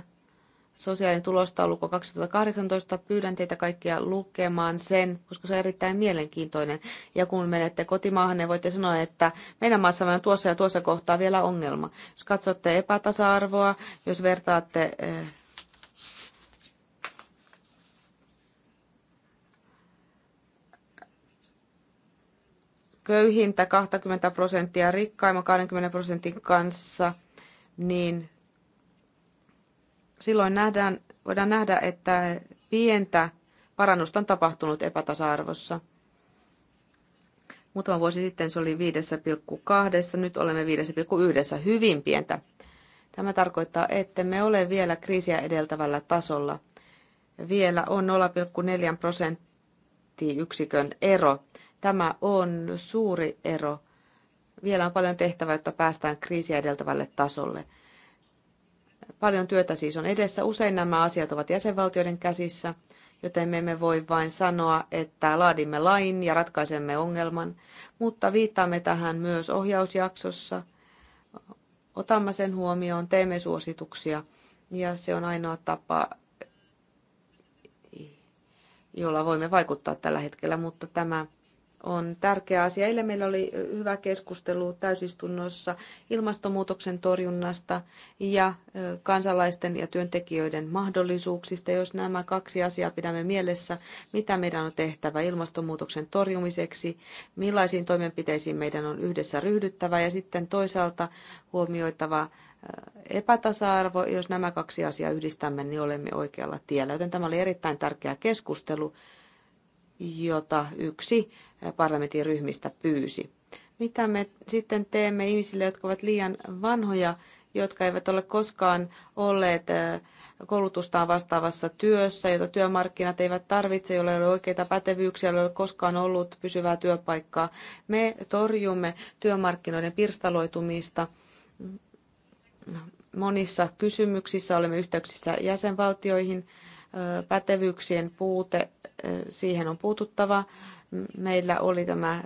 sosiaalinen tulostaulukko 2018. Pyydän teitä kaikkia lukemaan sen, koska se on erittäin mielenkiintoinen. Ja kun menette kotimaahan, ne niin voitte sanoa, että meidän maassamme on tuossa ja tuossa kohtaa vielä ongelma. Jos katsotte epätasa-arvoa, jos vertaatte eh, köyhintä 20 prosenttia rikkaimman 20 prosentin kanssa, niin silloin nähdään, voidaan nähdä, että pientä parannusta on tapahtunut epätasa-arvossa. Muutama vuosi sitten se oli 5,2, nyt olemme 5,1, hyvin pientä. Tämä tarkoittaa, että me ole vielä kriisiä edeltävällä tasolla. Vielä on 0,4 prosenttiyksikön ero Tämä on suuri ero. Vielä on paljon tehtävää, jotta päästään kriisiä edeltävälle tasolle. Paljon työtä siis on edessä. Usein nämä asiat ovat jäsenvaltioiden käsissä, joten me emme voi vain sanoa, että laadimme lain ja ratkaisemme ongelman, mutta viittaamme tähän myös ohjausjaksossa. Otamme sen huomioon, teemme suosituksia ja se on ainoa tapa, jolla voimme vaikuttaa tällä hetkellä, mutta tämä on tärkeä asia. Eilen meillä oli hyvä keskustelu täysistunnossa ilmastonmuutoksen torjunnasta ja kansalaisten ja työntekijöiden mahdollisuuksista. Jos nämä kaksi asiaa pidämme mielessä, mitä meidän on tehtävä ilmastonmuutoksen torjumiseksi, millaisiin toimenpiteisiin meidän on yhdessä ryhdyttävä ja sitten toisaalta huomioitava epätasa-arvo. Jos nämä kaksi asiaa yhdistämme, niin olemme oikealla tiellä. Joten tämä oli erittäin tärkeä keskustelu jota yksi parlamentin ryhmistä pyysi. Mitä me sitten teemme ihmisille, jotka ovat liian vanhoja, jotka eivät ole koskaan olleet koulutustaan vastaavassa työssä, jota työmarkkinat eivät tarvitse, jolla ei ole oikeita pätevyyksiä, jolla ei ole koskaan ollut pysyvää työpaikkaa. Me torjumme työmarkkinoiden pirstaloitumista no, monissa kysymyksissä, olemme yhteyksissä jäsenvaltioihin pätevyyksien puute, siihen on puututtava. Meillä oli tämä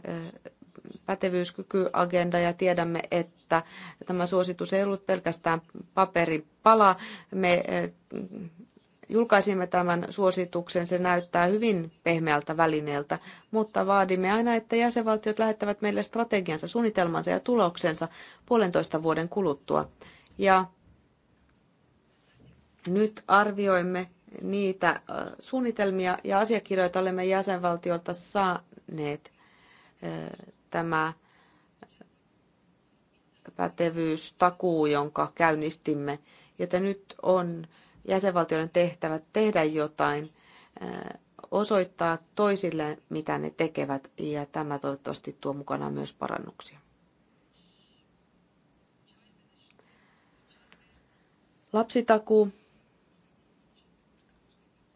pätevyyskykyagenda ja tiedämme, että tämä suositus ei ollut pelkästään paperipala. Me julkaisimme tämän suosituksen, se näyttää hyvin pehmeältä välineeltä, mutta vaadimme aina, että jäsenvaltiot lähettävät meille strategiansa, suunnitelmansa ja tuloksensa puolentoista vuoden kuluttua. Ja nyt arvioimme niitä suunnitelmia ja asiakirjoita olemme jäsenvaltiolta saaneet. Tämä pätevyystakuu, jonka käynnistimme, joten nyt on jäsenvaltioiden tehtävä tehdä jotain, osoittaa toisille, mitä ne tekevät, ja tämä toivottavasti tuo mukana myös parannuksia. Lapsitakuu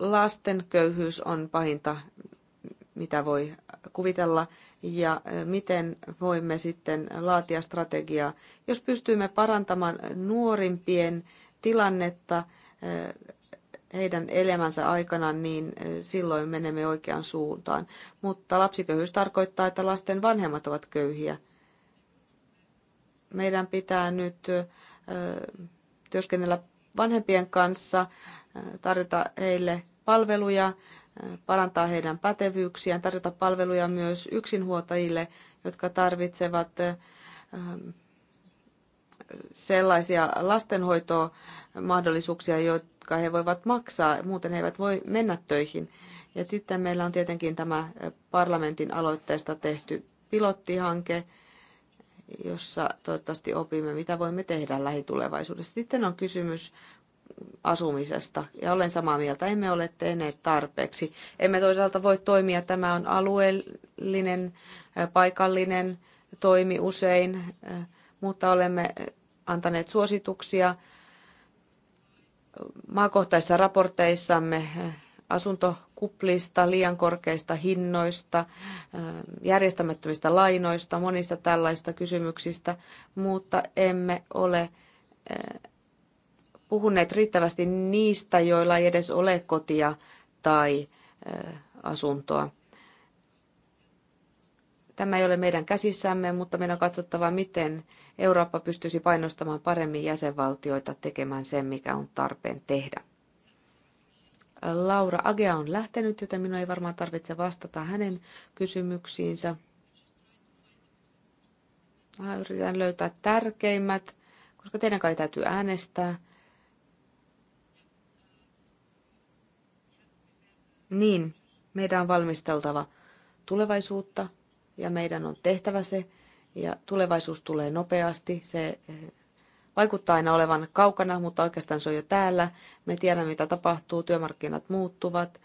Lasten köyhyys on pahinta, mitä voi kuvitella, ja miten voimme sitten laatia strategiaa. Jos pystymme parantamaan nuorimpien tilannetta heidän elämänsä aikana, niin silloin menemme oikeaan suuntaan. Mutta lapsiköyhyys tarkoittaa, että lasten vanhemmat ovat köyhiä. Meidän pitää nyt työskennellä vanhempien kanssa, tarjota heille palveluja, äh, parantaa heidän pätevyyksiään, tarjota palveluja myös yksinhuoltajille, jotka tarvitsevat äh, sellaisia lastenhoitomahdollisuuksia, jotka he voivat maksaa, muuten he eivät voi mennä töihin. Ja sitten meillä on tietenkin tämä äh, parlamentin aloitteesta tehty pilottihanke, jossa toivottavasti opimme, mitä voimme tehdä lähitulevaisuudessa. Sitten on kysymys asumisesta. Ja olen samaa mieltä, emme ole tehneet tarpeeksi. Emme toisaalta voi toimia, tämä on alueellinen, paikallinen toimi usein, mutta olemme antaneet suosituksia maakohtaisissa raporteissamme asuntokuplista, liian korkeista hinnoista, järjestämättömistä lainoista, monista tällaista kysymyksistä, mutta emme ole puhuneet riittävästi niistä, joilla ei edes ole kotia tai asuntoa. Tämä ei ole meidän käsissämme, mutta meidän on katsottava, miten Eurooppa pystyisi painostamaan paremmin jäsenvaltioita tekemään sen, mikä on tarpeen tehdä. Laura Agea on lähtenyt, joten minun ei varmaan tarvitse vastata hänen kysymyksiinsä. Mä yritän löytää tärkeimmät, koska teidän kai täytyy äänestää. niin meidän on valmisteltava tulevaisuutta ja meidän on tehtävä se. Ja tulevaisuus tulee nopeasti. Se eh, vaikuttaa aina olevan kaukana, mutta oikeastaan se on jo täällä. Me tiedämme, mitä tapahtuu. Työmarkkinat muuttuvat.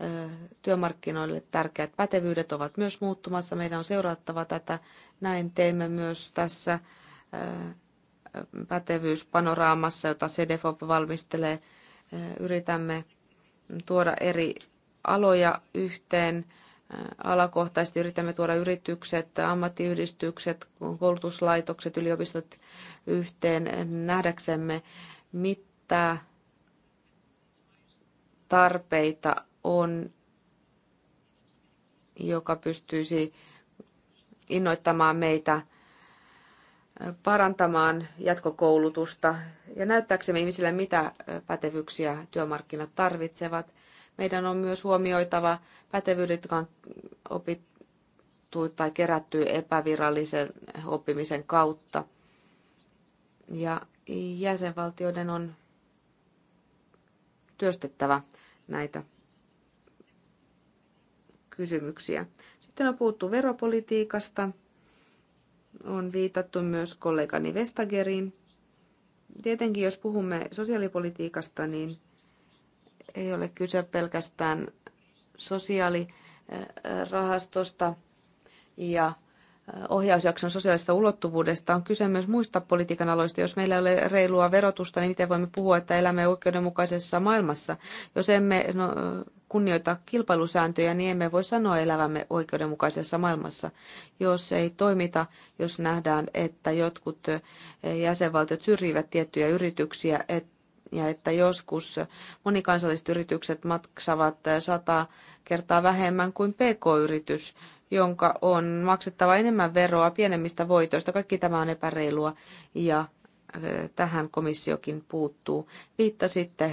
Eh, työmarkkinoille tärkeät pätevyydet ovat myös muuttumassa. Meidän on seurattava tätä. Näin teemme myös tässä eh, pätevyyspanoraamassa, jota CDFOP valmistelee. Yritämme tuoda eri aloja yhteen. Alakohtaisesti yritämme tuoda yritykset, ammattiyhdistykset, koulutuslaitokset, yliopistot yhteen eh, nähdäksemme, mitä tarpeita on, joka pystyisi innoittamaan meitä parantamaan jatkokoulutusta ja näyttääksemme ihmisille, mitä pätevyyksiä työmarkkinat tarvitsevat. Meidän on myös huomioitava pätevyydet, jotka on opittu tai kerätty epävirallisen oppimisen kautta. Ja jäsenvaltioiden on työstettävä näitä kysymyksiä. Sitten on puhuttu veropolitiikasta. On viitattu myös kollegani Vestageriin. Tietenkin, jos puhumme sosiaalipolitiikasta, niin ei ole kyse pelkästään sosiaalirahastosta ja ohjausjakson sosiaalista ulottuvuudesta on kyse myös muista politiikan aloista. Jos meillä ei ole reilua verotusta, niin miten voimme puhua, että elämme oikeudenmukaisessa maailmassa? Jos emme no, kunnioita kilpailusääntöjä, niin emme voi sanoa elävämme oikeudenmukaisessa maailmassa. Jos ei toimita, jos nähdään, että jotkut jäsenvaltiot syrjivät tiettyjä yrityksiä, että ja että joskus monikansalliset yritykset maksavat 100 kertaa vähemmän kuin pk-yritys, jonka on maksettava enemmän veroa pienemmistä voitoista. Kaikki tämä on epäreilua ja äh, tähän komissiokin puuttuu. Viittasitte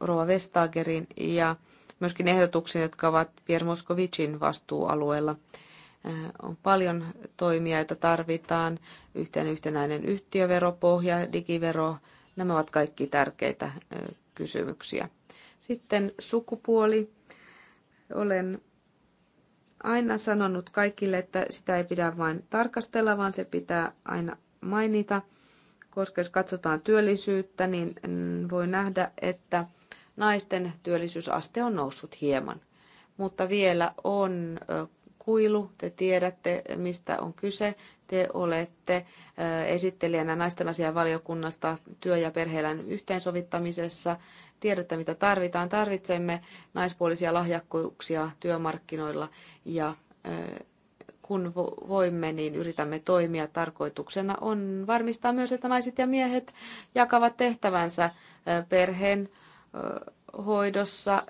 Rova Vestagerin ja myöskin ehdotuksiin, jotka ovat Pierre Moskovicin vastuualueella. Äh, on paljon toimia, joita tarvitaan. Yhteen yhtenäinen yhtiöveropohja, digivero, Nämä ovat kaikki tärkeitä kysymyksiä. Sitten sukupuoli. Olen aina sanonut kaikille, että sitä ei pidä vain tarkastella, vaan se pitää aina mainita, koska jos katsotaan työllisyyttä, niin voi nähdä, että naisten työllisyysaste on noussut hieman. Mutta vielä on kuilu, te tiedätte mistä on kyse. Te olette esittelijänä naisten asian valiokunnasta työ- ja perheelän yhteensovittamisessa. Tiedätte, mitä tarvitaan. Tarvitsemme naispuolisia lahjakkuuksia työmarkkinoilla ja kun voimme, niin yritämme toimia. Tarkoituksena on varmistaa myös, että naiset ja miehet jakavat tehtävänsä perheen hoidossa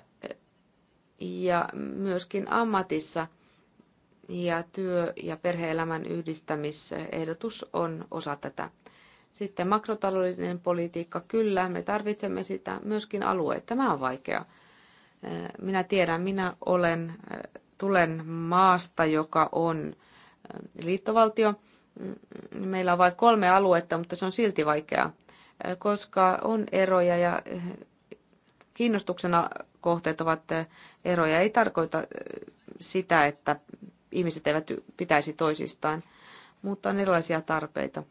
ja myöskin ammatissa – ja työ- ja perheelämän yhdistämisehdotus on osa tätä. Sitten makrotaloudellinen politiikka, kyllä, me tarvitsemme sitä, myöskin alueet, tämä on vaikea. Äh, minä tiedän, minä olen, äh, tulen maasta, joka on äh, liittovaltio. Mm, meillä on vain kolme aluetta, mutta se on silti vaikeaa, koska on eroja ja kiinnostuksena kohteet ovat eroja. Ei tarkoita sitä, että ihmiset eivät pitäisi toisistaan, mutta on erilaisia tarpeita.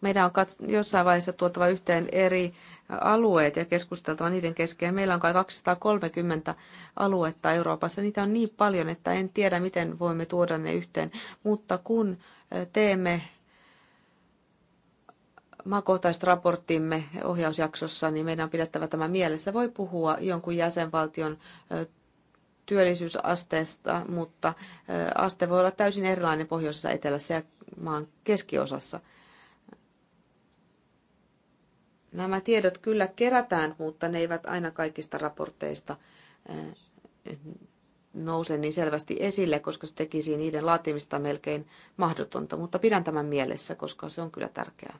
Meidän on jossain vaiheessa tuotava yhteen eri alueet ja keskusteltava niiden kesken. Meillä on kai 230 aluetta Euroopassa. Niitä on niin paljon, että en tiedä, miten voimme tuoda ne yhteen. Mutta kun teemme maakohtaiset raporttimme ohjausjaksossa, niin meidän on pidettävä tämä mielessä. Voi puhua jonkun jäsenvaltion työllisyysasteesta, mutta aste voi olla täysin erilainen pohjoisessa, etelässä ja maan keskiosassa. Nämä tiedot kyllä kerätään, mutta ne eivät aina kaikista raporteista nouse niin selvästi esille, koska se tekisi niiden laatimista melkein mahdotonta. Mutta pidän tämän mielessä, koska se on kyllä tärkeää.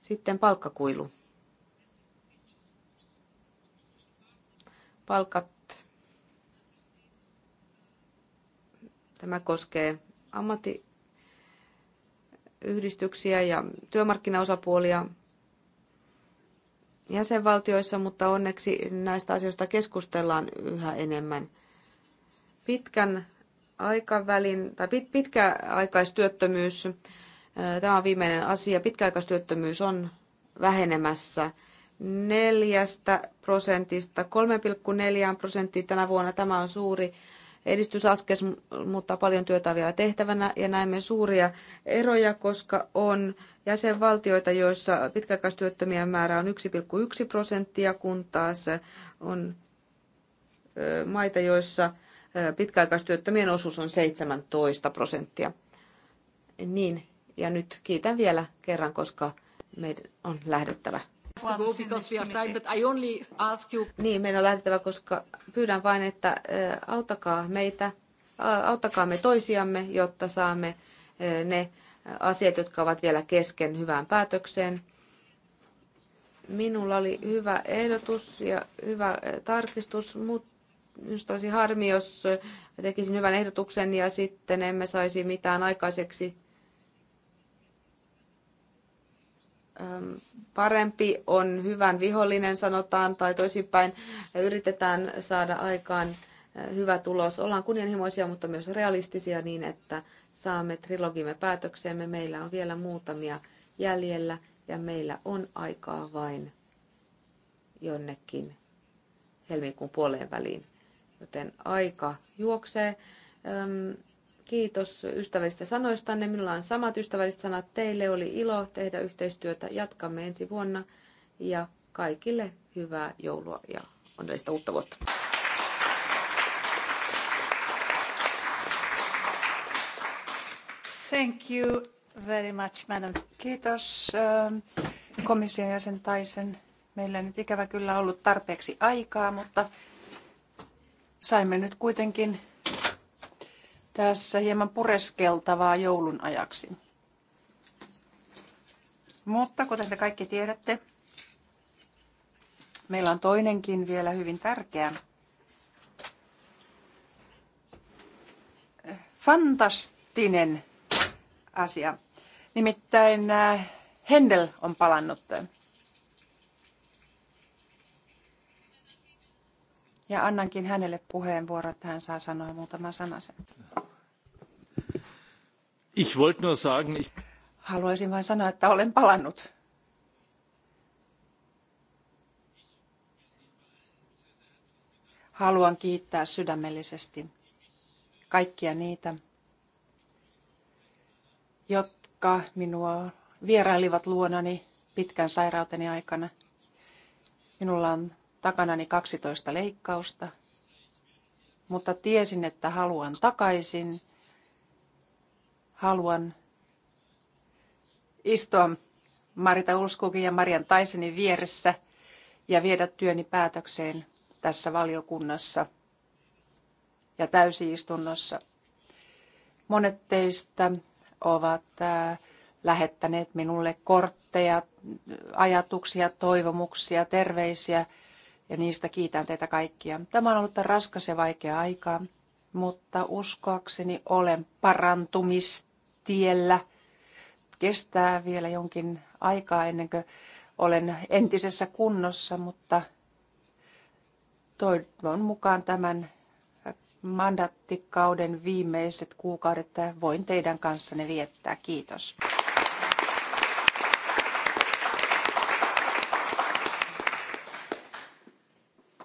Sitten palkkakuilu. palkat. Tämä koskee ammattiyhdistyksiä ja työmarkkinaosapuolia jäsenvaltioissa, mutta onneksi näistä asioista keskustellaan yhä enemmän. Pitkän aikavälin tai pit, pitkäaikaistyöttömyys, tämä on viimeinen asia, pitkäaikaistyöttömyys on vähenemässä – neljästä prosentista 3,4 prosenttia tänä vuonna. Tämä on suuri edistysaskel, mutta paljon työtä on vielä tehtävänä ja näemme suuria eroja, koska on jäsenvaltioita, joissa pitkäaikaistyöttömien määrä on 1,1 prosenttia, kun taas on maita, joissa pitkäaikaistyöttömien osuus on 17 prosenttia. Niin, ja nyt kiitän vielä kerran, koska meidän on lähdettävä. Niin, meidän on lähdettävä, koska pyydän vain, että auttakaa meitä, auttakaa me toisiamme, jotta saamme ne asiat, jotka ovat vielä kesken hyvään päätökseen. Minulla oli hyvä ehdotus ja hyvä tarkistus, mutta minusta olisi harmi, jos tekisin hyvän ehdotuksen ja sitten emme saisi mitään aikaiseksi parempi on hyvän vihollinen, sanotaan, tai toisinpäin yritetään saada aikaan hyvä tulos. Ollaan kunnianhimoisia, mutta myös realistisia niin, että saamme trilogimme päätökseemme. Meillä on vielä muutamia jäljellä ja meillä on aikaa vain jonnekin helmikuun puoleen väliin. Joten aika juoksee. Öm, Kiitos ystävällisistä sanoistanne. Minulla on samat ystävälliset sanat teille. Oli ilo tehdä yhteistyötä. Jatkamme ensi vuonna ja kaikille hyvää joulua ja onnellista uutta vuotta. Thank you very much, madam. Kiitos ähm, komission jäsen Taisen. Meillä ei nyt ikävä kyllä ollut tarpeeksi aikaa, mutta saimme nyt kuitenkin tässä hieman pureskeltavaa joulun ajaksi. Mutta kuten te kaikki tiedätte, meillä on toinenkin vielä hyvin tärkeä. Eh, fantastinen asia. Nimittäin eh, Händel on palannut. Ja annankin hänelle puheenvuoron, että hän saa sanoa muutama sanasen. Ich wollte nur sagen, ich... Haluaisin vain sanoa, että olen palannut. Haluan kiittää sydämellisesti kaikkia niitä, jotka minua vierailivat luonani pitkän sairauteni aikana. Minulla on takanani 12 leikkausta, mutta tiesin, että haluan takaisin – haluan istua Marita Ulskukin ja Marian Taisenin vieressä ja viedä työni päätökseen tässä valiokunnassa ja täysiistunnossa. Monet teistä ovat lähettäneet minulle kortteja, ajatuksia, toivomuksia, terveisiä ja niistä kiitän teitä kaikkia. Tämä on ollut raskas ja vaikea aika, mutta uskoakseni olen parantumista tiellä. Kestää vielä jonkin aikaa ennen kuin olen entisessä kunnossa, mutta toivon mukaan tämän mandattikauden viimeiset kuukaudet voin teidän kanssanne viettää. Kiitos.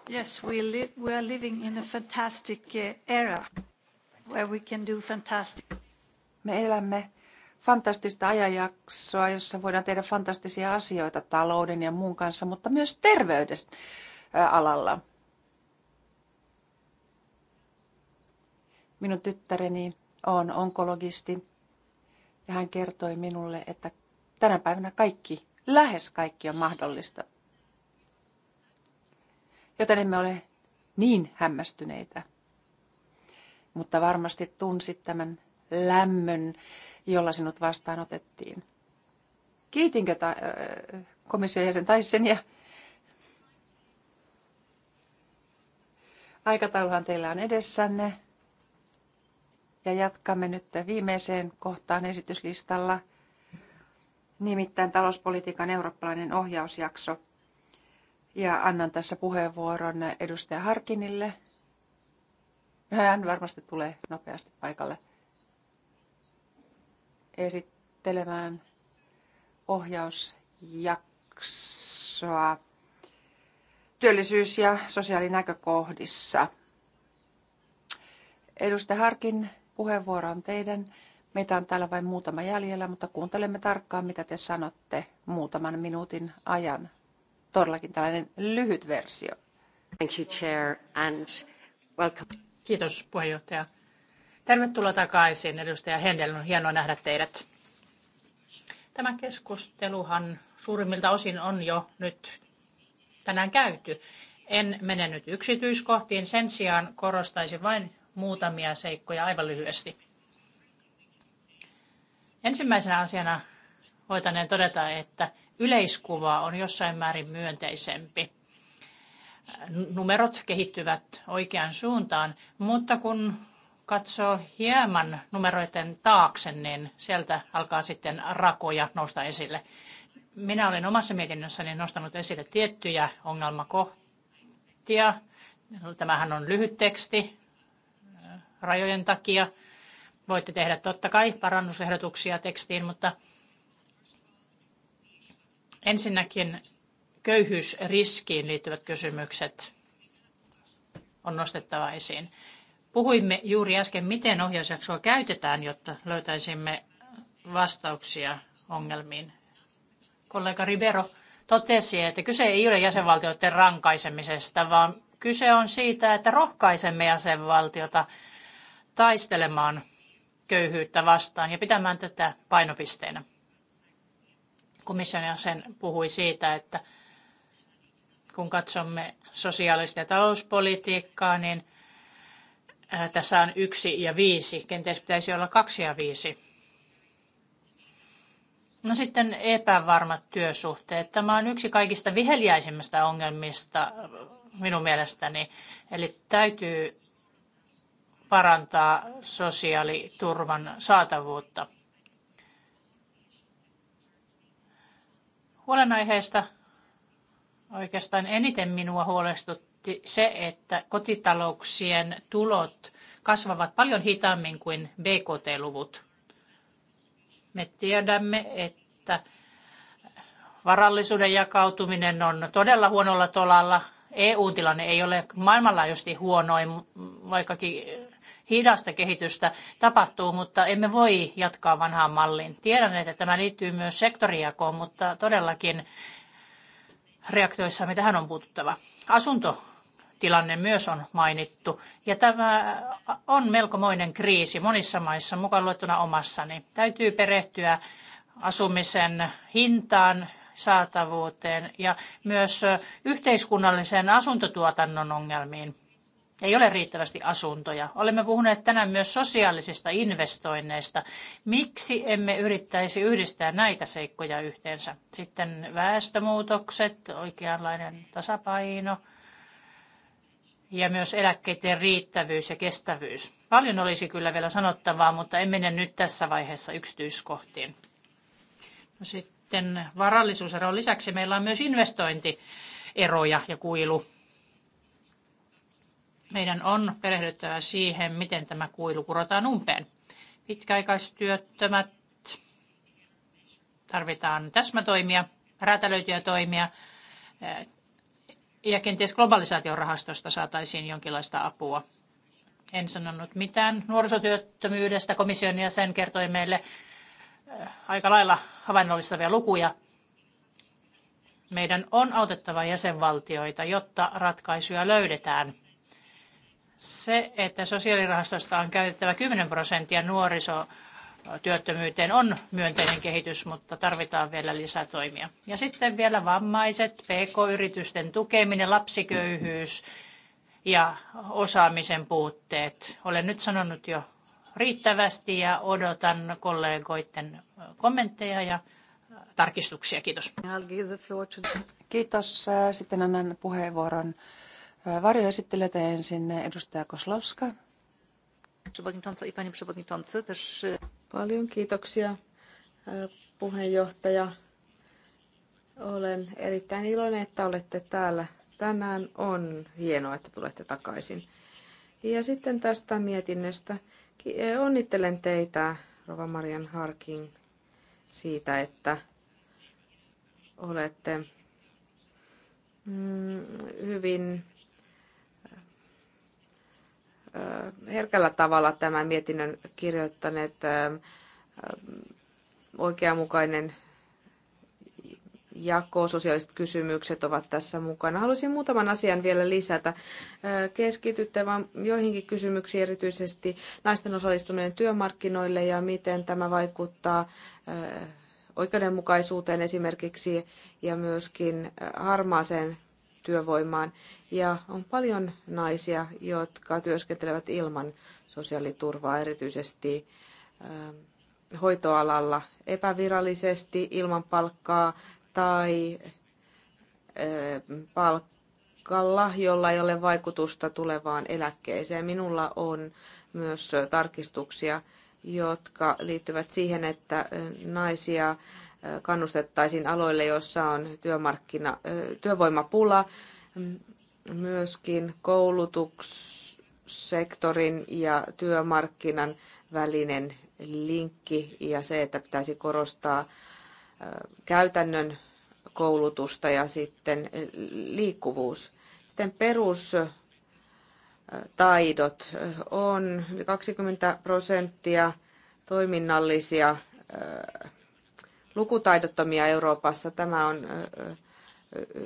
Yes, we, live, we are living in a fantastic uh, era where we can do fantastic. Me elämme fantastista ajanjaksoa, jossa voidaan tehdä fantastisia asioita talouden ja muun kanssa, mutta myös terveydestä alalla. Minun tyttäreni on onkologisti ja hän kertoi minulle, että tänä päivänä kaikki, lähes kaikki on mahdollista. Joten emme ole niin hämmästyneitä. Mutta varmasti tunsit tämän lämmön, jolla sinut vastaanotettiin. Kiitinkö ta- komission jäsen ja Aikatauluhan teillä on edessänne. Ja jatkamme nyt viimeiseen kohtaan esityslistalla, nimittäin talouspolitiikan eurooppalainen ohjausjakso. Ja annan tässä puheenvuoron edustaja Harkinille. Hän varmasti tulee nopeasti paikalle esittelemään ohjausjaksoa työllisyys- ja sosiaalinäkökohdissa. Edustaja Harkin puheenvuoro on teidän. Meitä on täällä vain muutama jäljellä, mutta kuuntelemme tarkkaan, mitä te sanotte muutaman minuutin ajan. Todellakin tällainen lyhyt versio. Thank you, Chair, and welcome. Kiitos puheenjohtaja Tervetuloa takaisin, edustaja Hendel. On hienoa nähdä teidät. Tämä keskusteluhan suurimmilta osin on jo nyt tänään käyty. En mene nyt yksityiskohtiin, sen sijaan korostaisin vain muutamia seikkoja aivan lyhyesti. Ensimmäisenä asiana voitaneen todeta, että yleiskuva on jossain määrin myönteisempi. Numerot kehittyvät oikeaan suuntaan, mutta kun katsoo hieman numeroiden taakse, niin sieltä alkaa sitten rakoja nousta esille. Minä olen omassa mietinnössäni nostanut esille tiettyjä ongelmakohtia. Tämähän on lyhyt teksti rajojen takia. Voitte tehdä totta kai parannusehdotuksia tekstiin, mutta ensinnäkin köyhyysriskiin liittyvät kysymykset on nostettava esiin. Puhuimme juuri äsken, miten ohjausjaksoa käytetään, jotta löytäisimme vastauksia ongelmiin. Kollega Ribero totesi, että kyse ei ole jäsenvaltioiden rankaisemisesta, vaan kyse on siitä, että rohkaisemme jäsenvaltiota taistelemaan köyhyyttä vastaan ja pitämään tätä painopisteenä. Komission jäsen puhui siitä, että kun katsomme sosiaalista ja talouspolitiikkaa, niin Äh, tässä on yksi ja viisi. Kenties pitäisi olla kaksi ja viisi. No sitten epävarmat työsuhteet. Tämä on yksi kaikista viheliäisimmistä ongelmista äh, minun mielestäni. Eli täytyy parantaa sosiaaliturvan saatavuutta. Huolenaiheesta oikeastaan eniten minua huolestuttaa se, että kotitalouksien tulot kasvavat paljon hitaammin kuin BKT-luvut. Me tiedämme, että varallisuuden jakautuminen on todella huonolla tolalla. EU-tilanne ei ole maailmanlaajuisesti huonoin, vaikkakin hidasta kehitystä tapahtuu, mutta emme voi jatkaa vanhaan malliin. Tiedän, että tämä liittyy myös sektorijakoon, mutta todellakin reaktioissamme tähän on puututtava. Asunto tilanne myös on mainittu. Ja tämä on melkomoinen kriisi monissa maissa, mukaan luettuna omassani. Täytyy perehtyä asumisen hintaan, saatavuuteen ja myös yhteiskunnallisen asuntotuotannon ongelmiin. Ei ole riittävästi asuntoja. Olemme puhuneet tänään myös sosiaalisista investoinneista. Miksi emme yrittäisi yhdistää näitä seikkoja yhteensä? Sitten väestömuutokset, oikeanlainen tasapaino – ja myös eläkkeiden riittävyys ja kestävyys. Paljon olisi kyllä vielä sanottavaa, mutta en mene nyt tässä vaiheessa yksityiskohtiin. No sitten varallisuuseron lisäksi meillä on myös investointieroja ja kuilu. Meidän on perehdyttävä siihen, miten tämä kuilu kurotaan umpeen. Pitkäaikaistyöttömät tarvitaan täsmätoimia, räätälöityjä toimia, ja kenties globalisaatiorahastosta saataisiin jonkinlaista apua. En sanonut mitään nuorisotyöttömyydestä. Komission jäsen kertoi meille äh, aika lailla havainnollistavia lukuja. Meidän on autettava jäsenvaltioita, jotta ratkaisuja löydetään. Se, että sosiaalirahastosta on käytettävä 10 prosenttia nuorisotyöttömyydestä, työttömyyteen on myönteinen kehitys, mutta tarvitaan vielä lisätoimia. Ja sitten vielä vammaiset, pk-yritysten tukeminen, lapsiköyhyys ja osaamisen puutteet. Olen nyt sanonut jo riittävästi ja odotan kollegoiden kommentteja ja tarkistuksia. Kiitos. Kiitos. Sitten annan puheenvuoron varjoesittelijöitä ensin edustaja Koslowska. Przewodnicząca i panie przewodniczący, też Paljon kiitoksia puheenjohtaja. Olen erittäin iloinen, että olette täällä tänään. On hienoa, että tulette takaisin. Ja sitten tästä mietinnöstä. Onnittelen teitä, Rova Marian Harkin, siitä, että olette mm, hyvin herkällä tavalla tämän mietinnön kirjoittaneet oikeanmukainen jako, sosiaaliset kysymykset ovat tässä mukana. Haluaisin muutaman asian vielä lisätä. Keskitytte vain joihinkin kysymyksiin, erityisesti naisten osallistuminen työmarkkinoille ja miten tämä vaikuttaa oikeudenmukaisuuteen esimerkiksi ja myöskin harmaaseen työvoimaan. Ja on paljon naisia, jotka työskentelevät ilman sosiaaliturvaa, erityisesti ähm, hoitoalalla epävirallisesti ilman palkkaa tai äh, palkalla, jolla ei ole vaikutusta tulevaan eläkkeeseen. Minulla on myös tarkistuksia, jotka liittyvät siihen, että äh, naisia kannustettaisiin aloille, joissa on työmarkkina, työvoimapula, myöskin koulutussektorin ja työmarkkinan välinen linkki ja se, että pitäisi korostaa käytännön koulutusta ja sitten liikkuvuus. Sitten perustaidot on 20 prosenttia toiminnallisia lukutaidottomia Euroopassa. Tämä on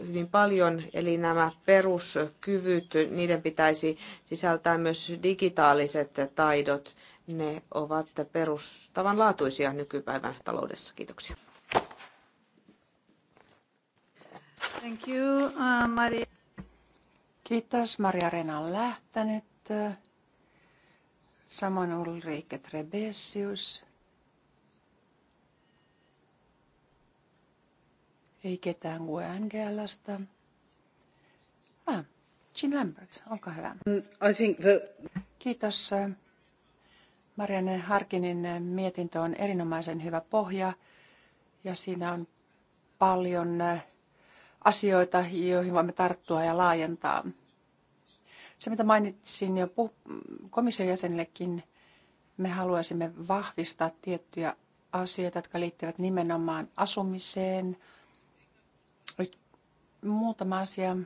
hyvin paljon, eli nämä peruskyvyt, niiden pitäisi sisältää myös digitaaliset taidot. Ne ovat perustavanlaatuisia nykypäivän taloudessa. Kiitoksia. Thank you, uh, Maria. Kiitos. Maria Rena on lähtenyt. Samoin Ulrike Trebesius. Ei ketään UNGLstä. Ah, Jean Lambert, olkaa hyvä. Um, I think the... Kiitos. Marianne Harkinin mietintö on erinomaisen hyvä pohja ja siinä on paljon äh, asioita, joihin voimme tarttua ja laajentaa. Se, mitä mainitsin jo komission jäsenillekin, me haluaisimme vahvistaa tiettyjä asioita, jotka liittyvät nimenomaan asumiseen – Muutama asia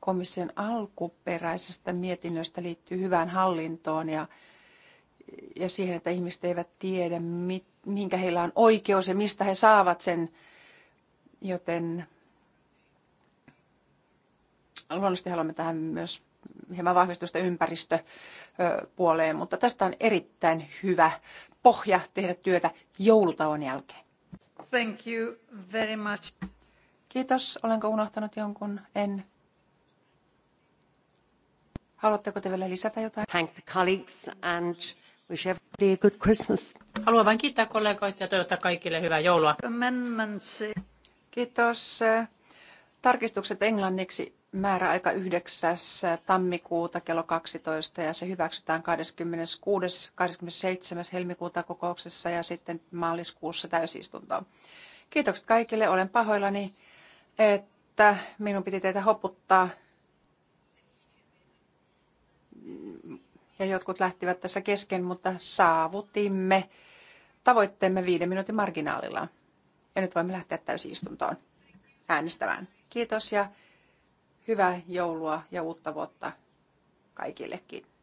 komission alkuperäisestä mietinnöstä liittyy hyvään hallintoon ja, ja siihen, että ihmiset eivät tiedä, mit, minkä heillä on oikeus ja mistä he saavat sen. Joten luonnollisesti haluamme tähän myös hieman vahvistusta ympäristöpuoleen, mutta tästä on erittäin hyvä pohja tehdä työtä joulutauon jälkeen. Thank you very much. Kiitos. Olenko unohtanut jonkun? En. Haluatteko te vielä lisätä jotain? Thank the colleagues and wish everybody a good Christmas. Haluan vain kiittää kollegoita ja toivottaa kaikille hyvää joulua. Amendments. Kiitos. Tarkistukset englanniksi määräaika 9. tammikuuta kello 12 ja se hyväksytään 26. 27. helmikuuta kokouksessa ja sitten maaliskuussa täysistuntoon. Kiitokset kaikille. Olen pahoillani, että minun piti teitä hoputtaa. Ja jotkut lähtivät tässä kesken, mutta saavutimme tavoitteemme viiden minuutin marginaalilla. Ja nyt voimme lähteä täysistuntoon äänestämään. Kiitos ja Hyvää joulua ja uutta vuotta kaikillekin.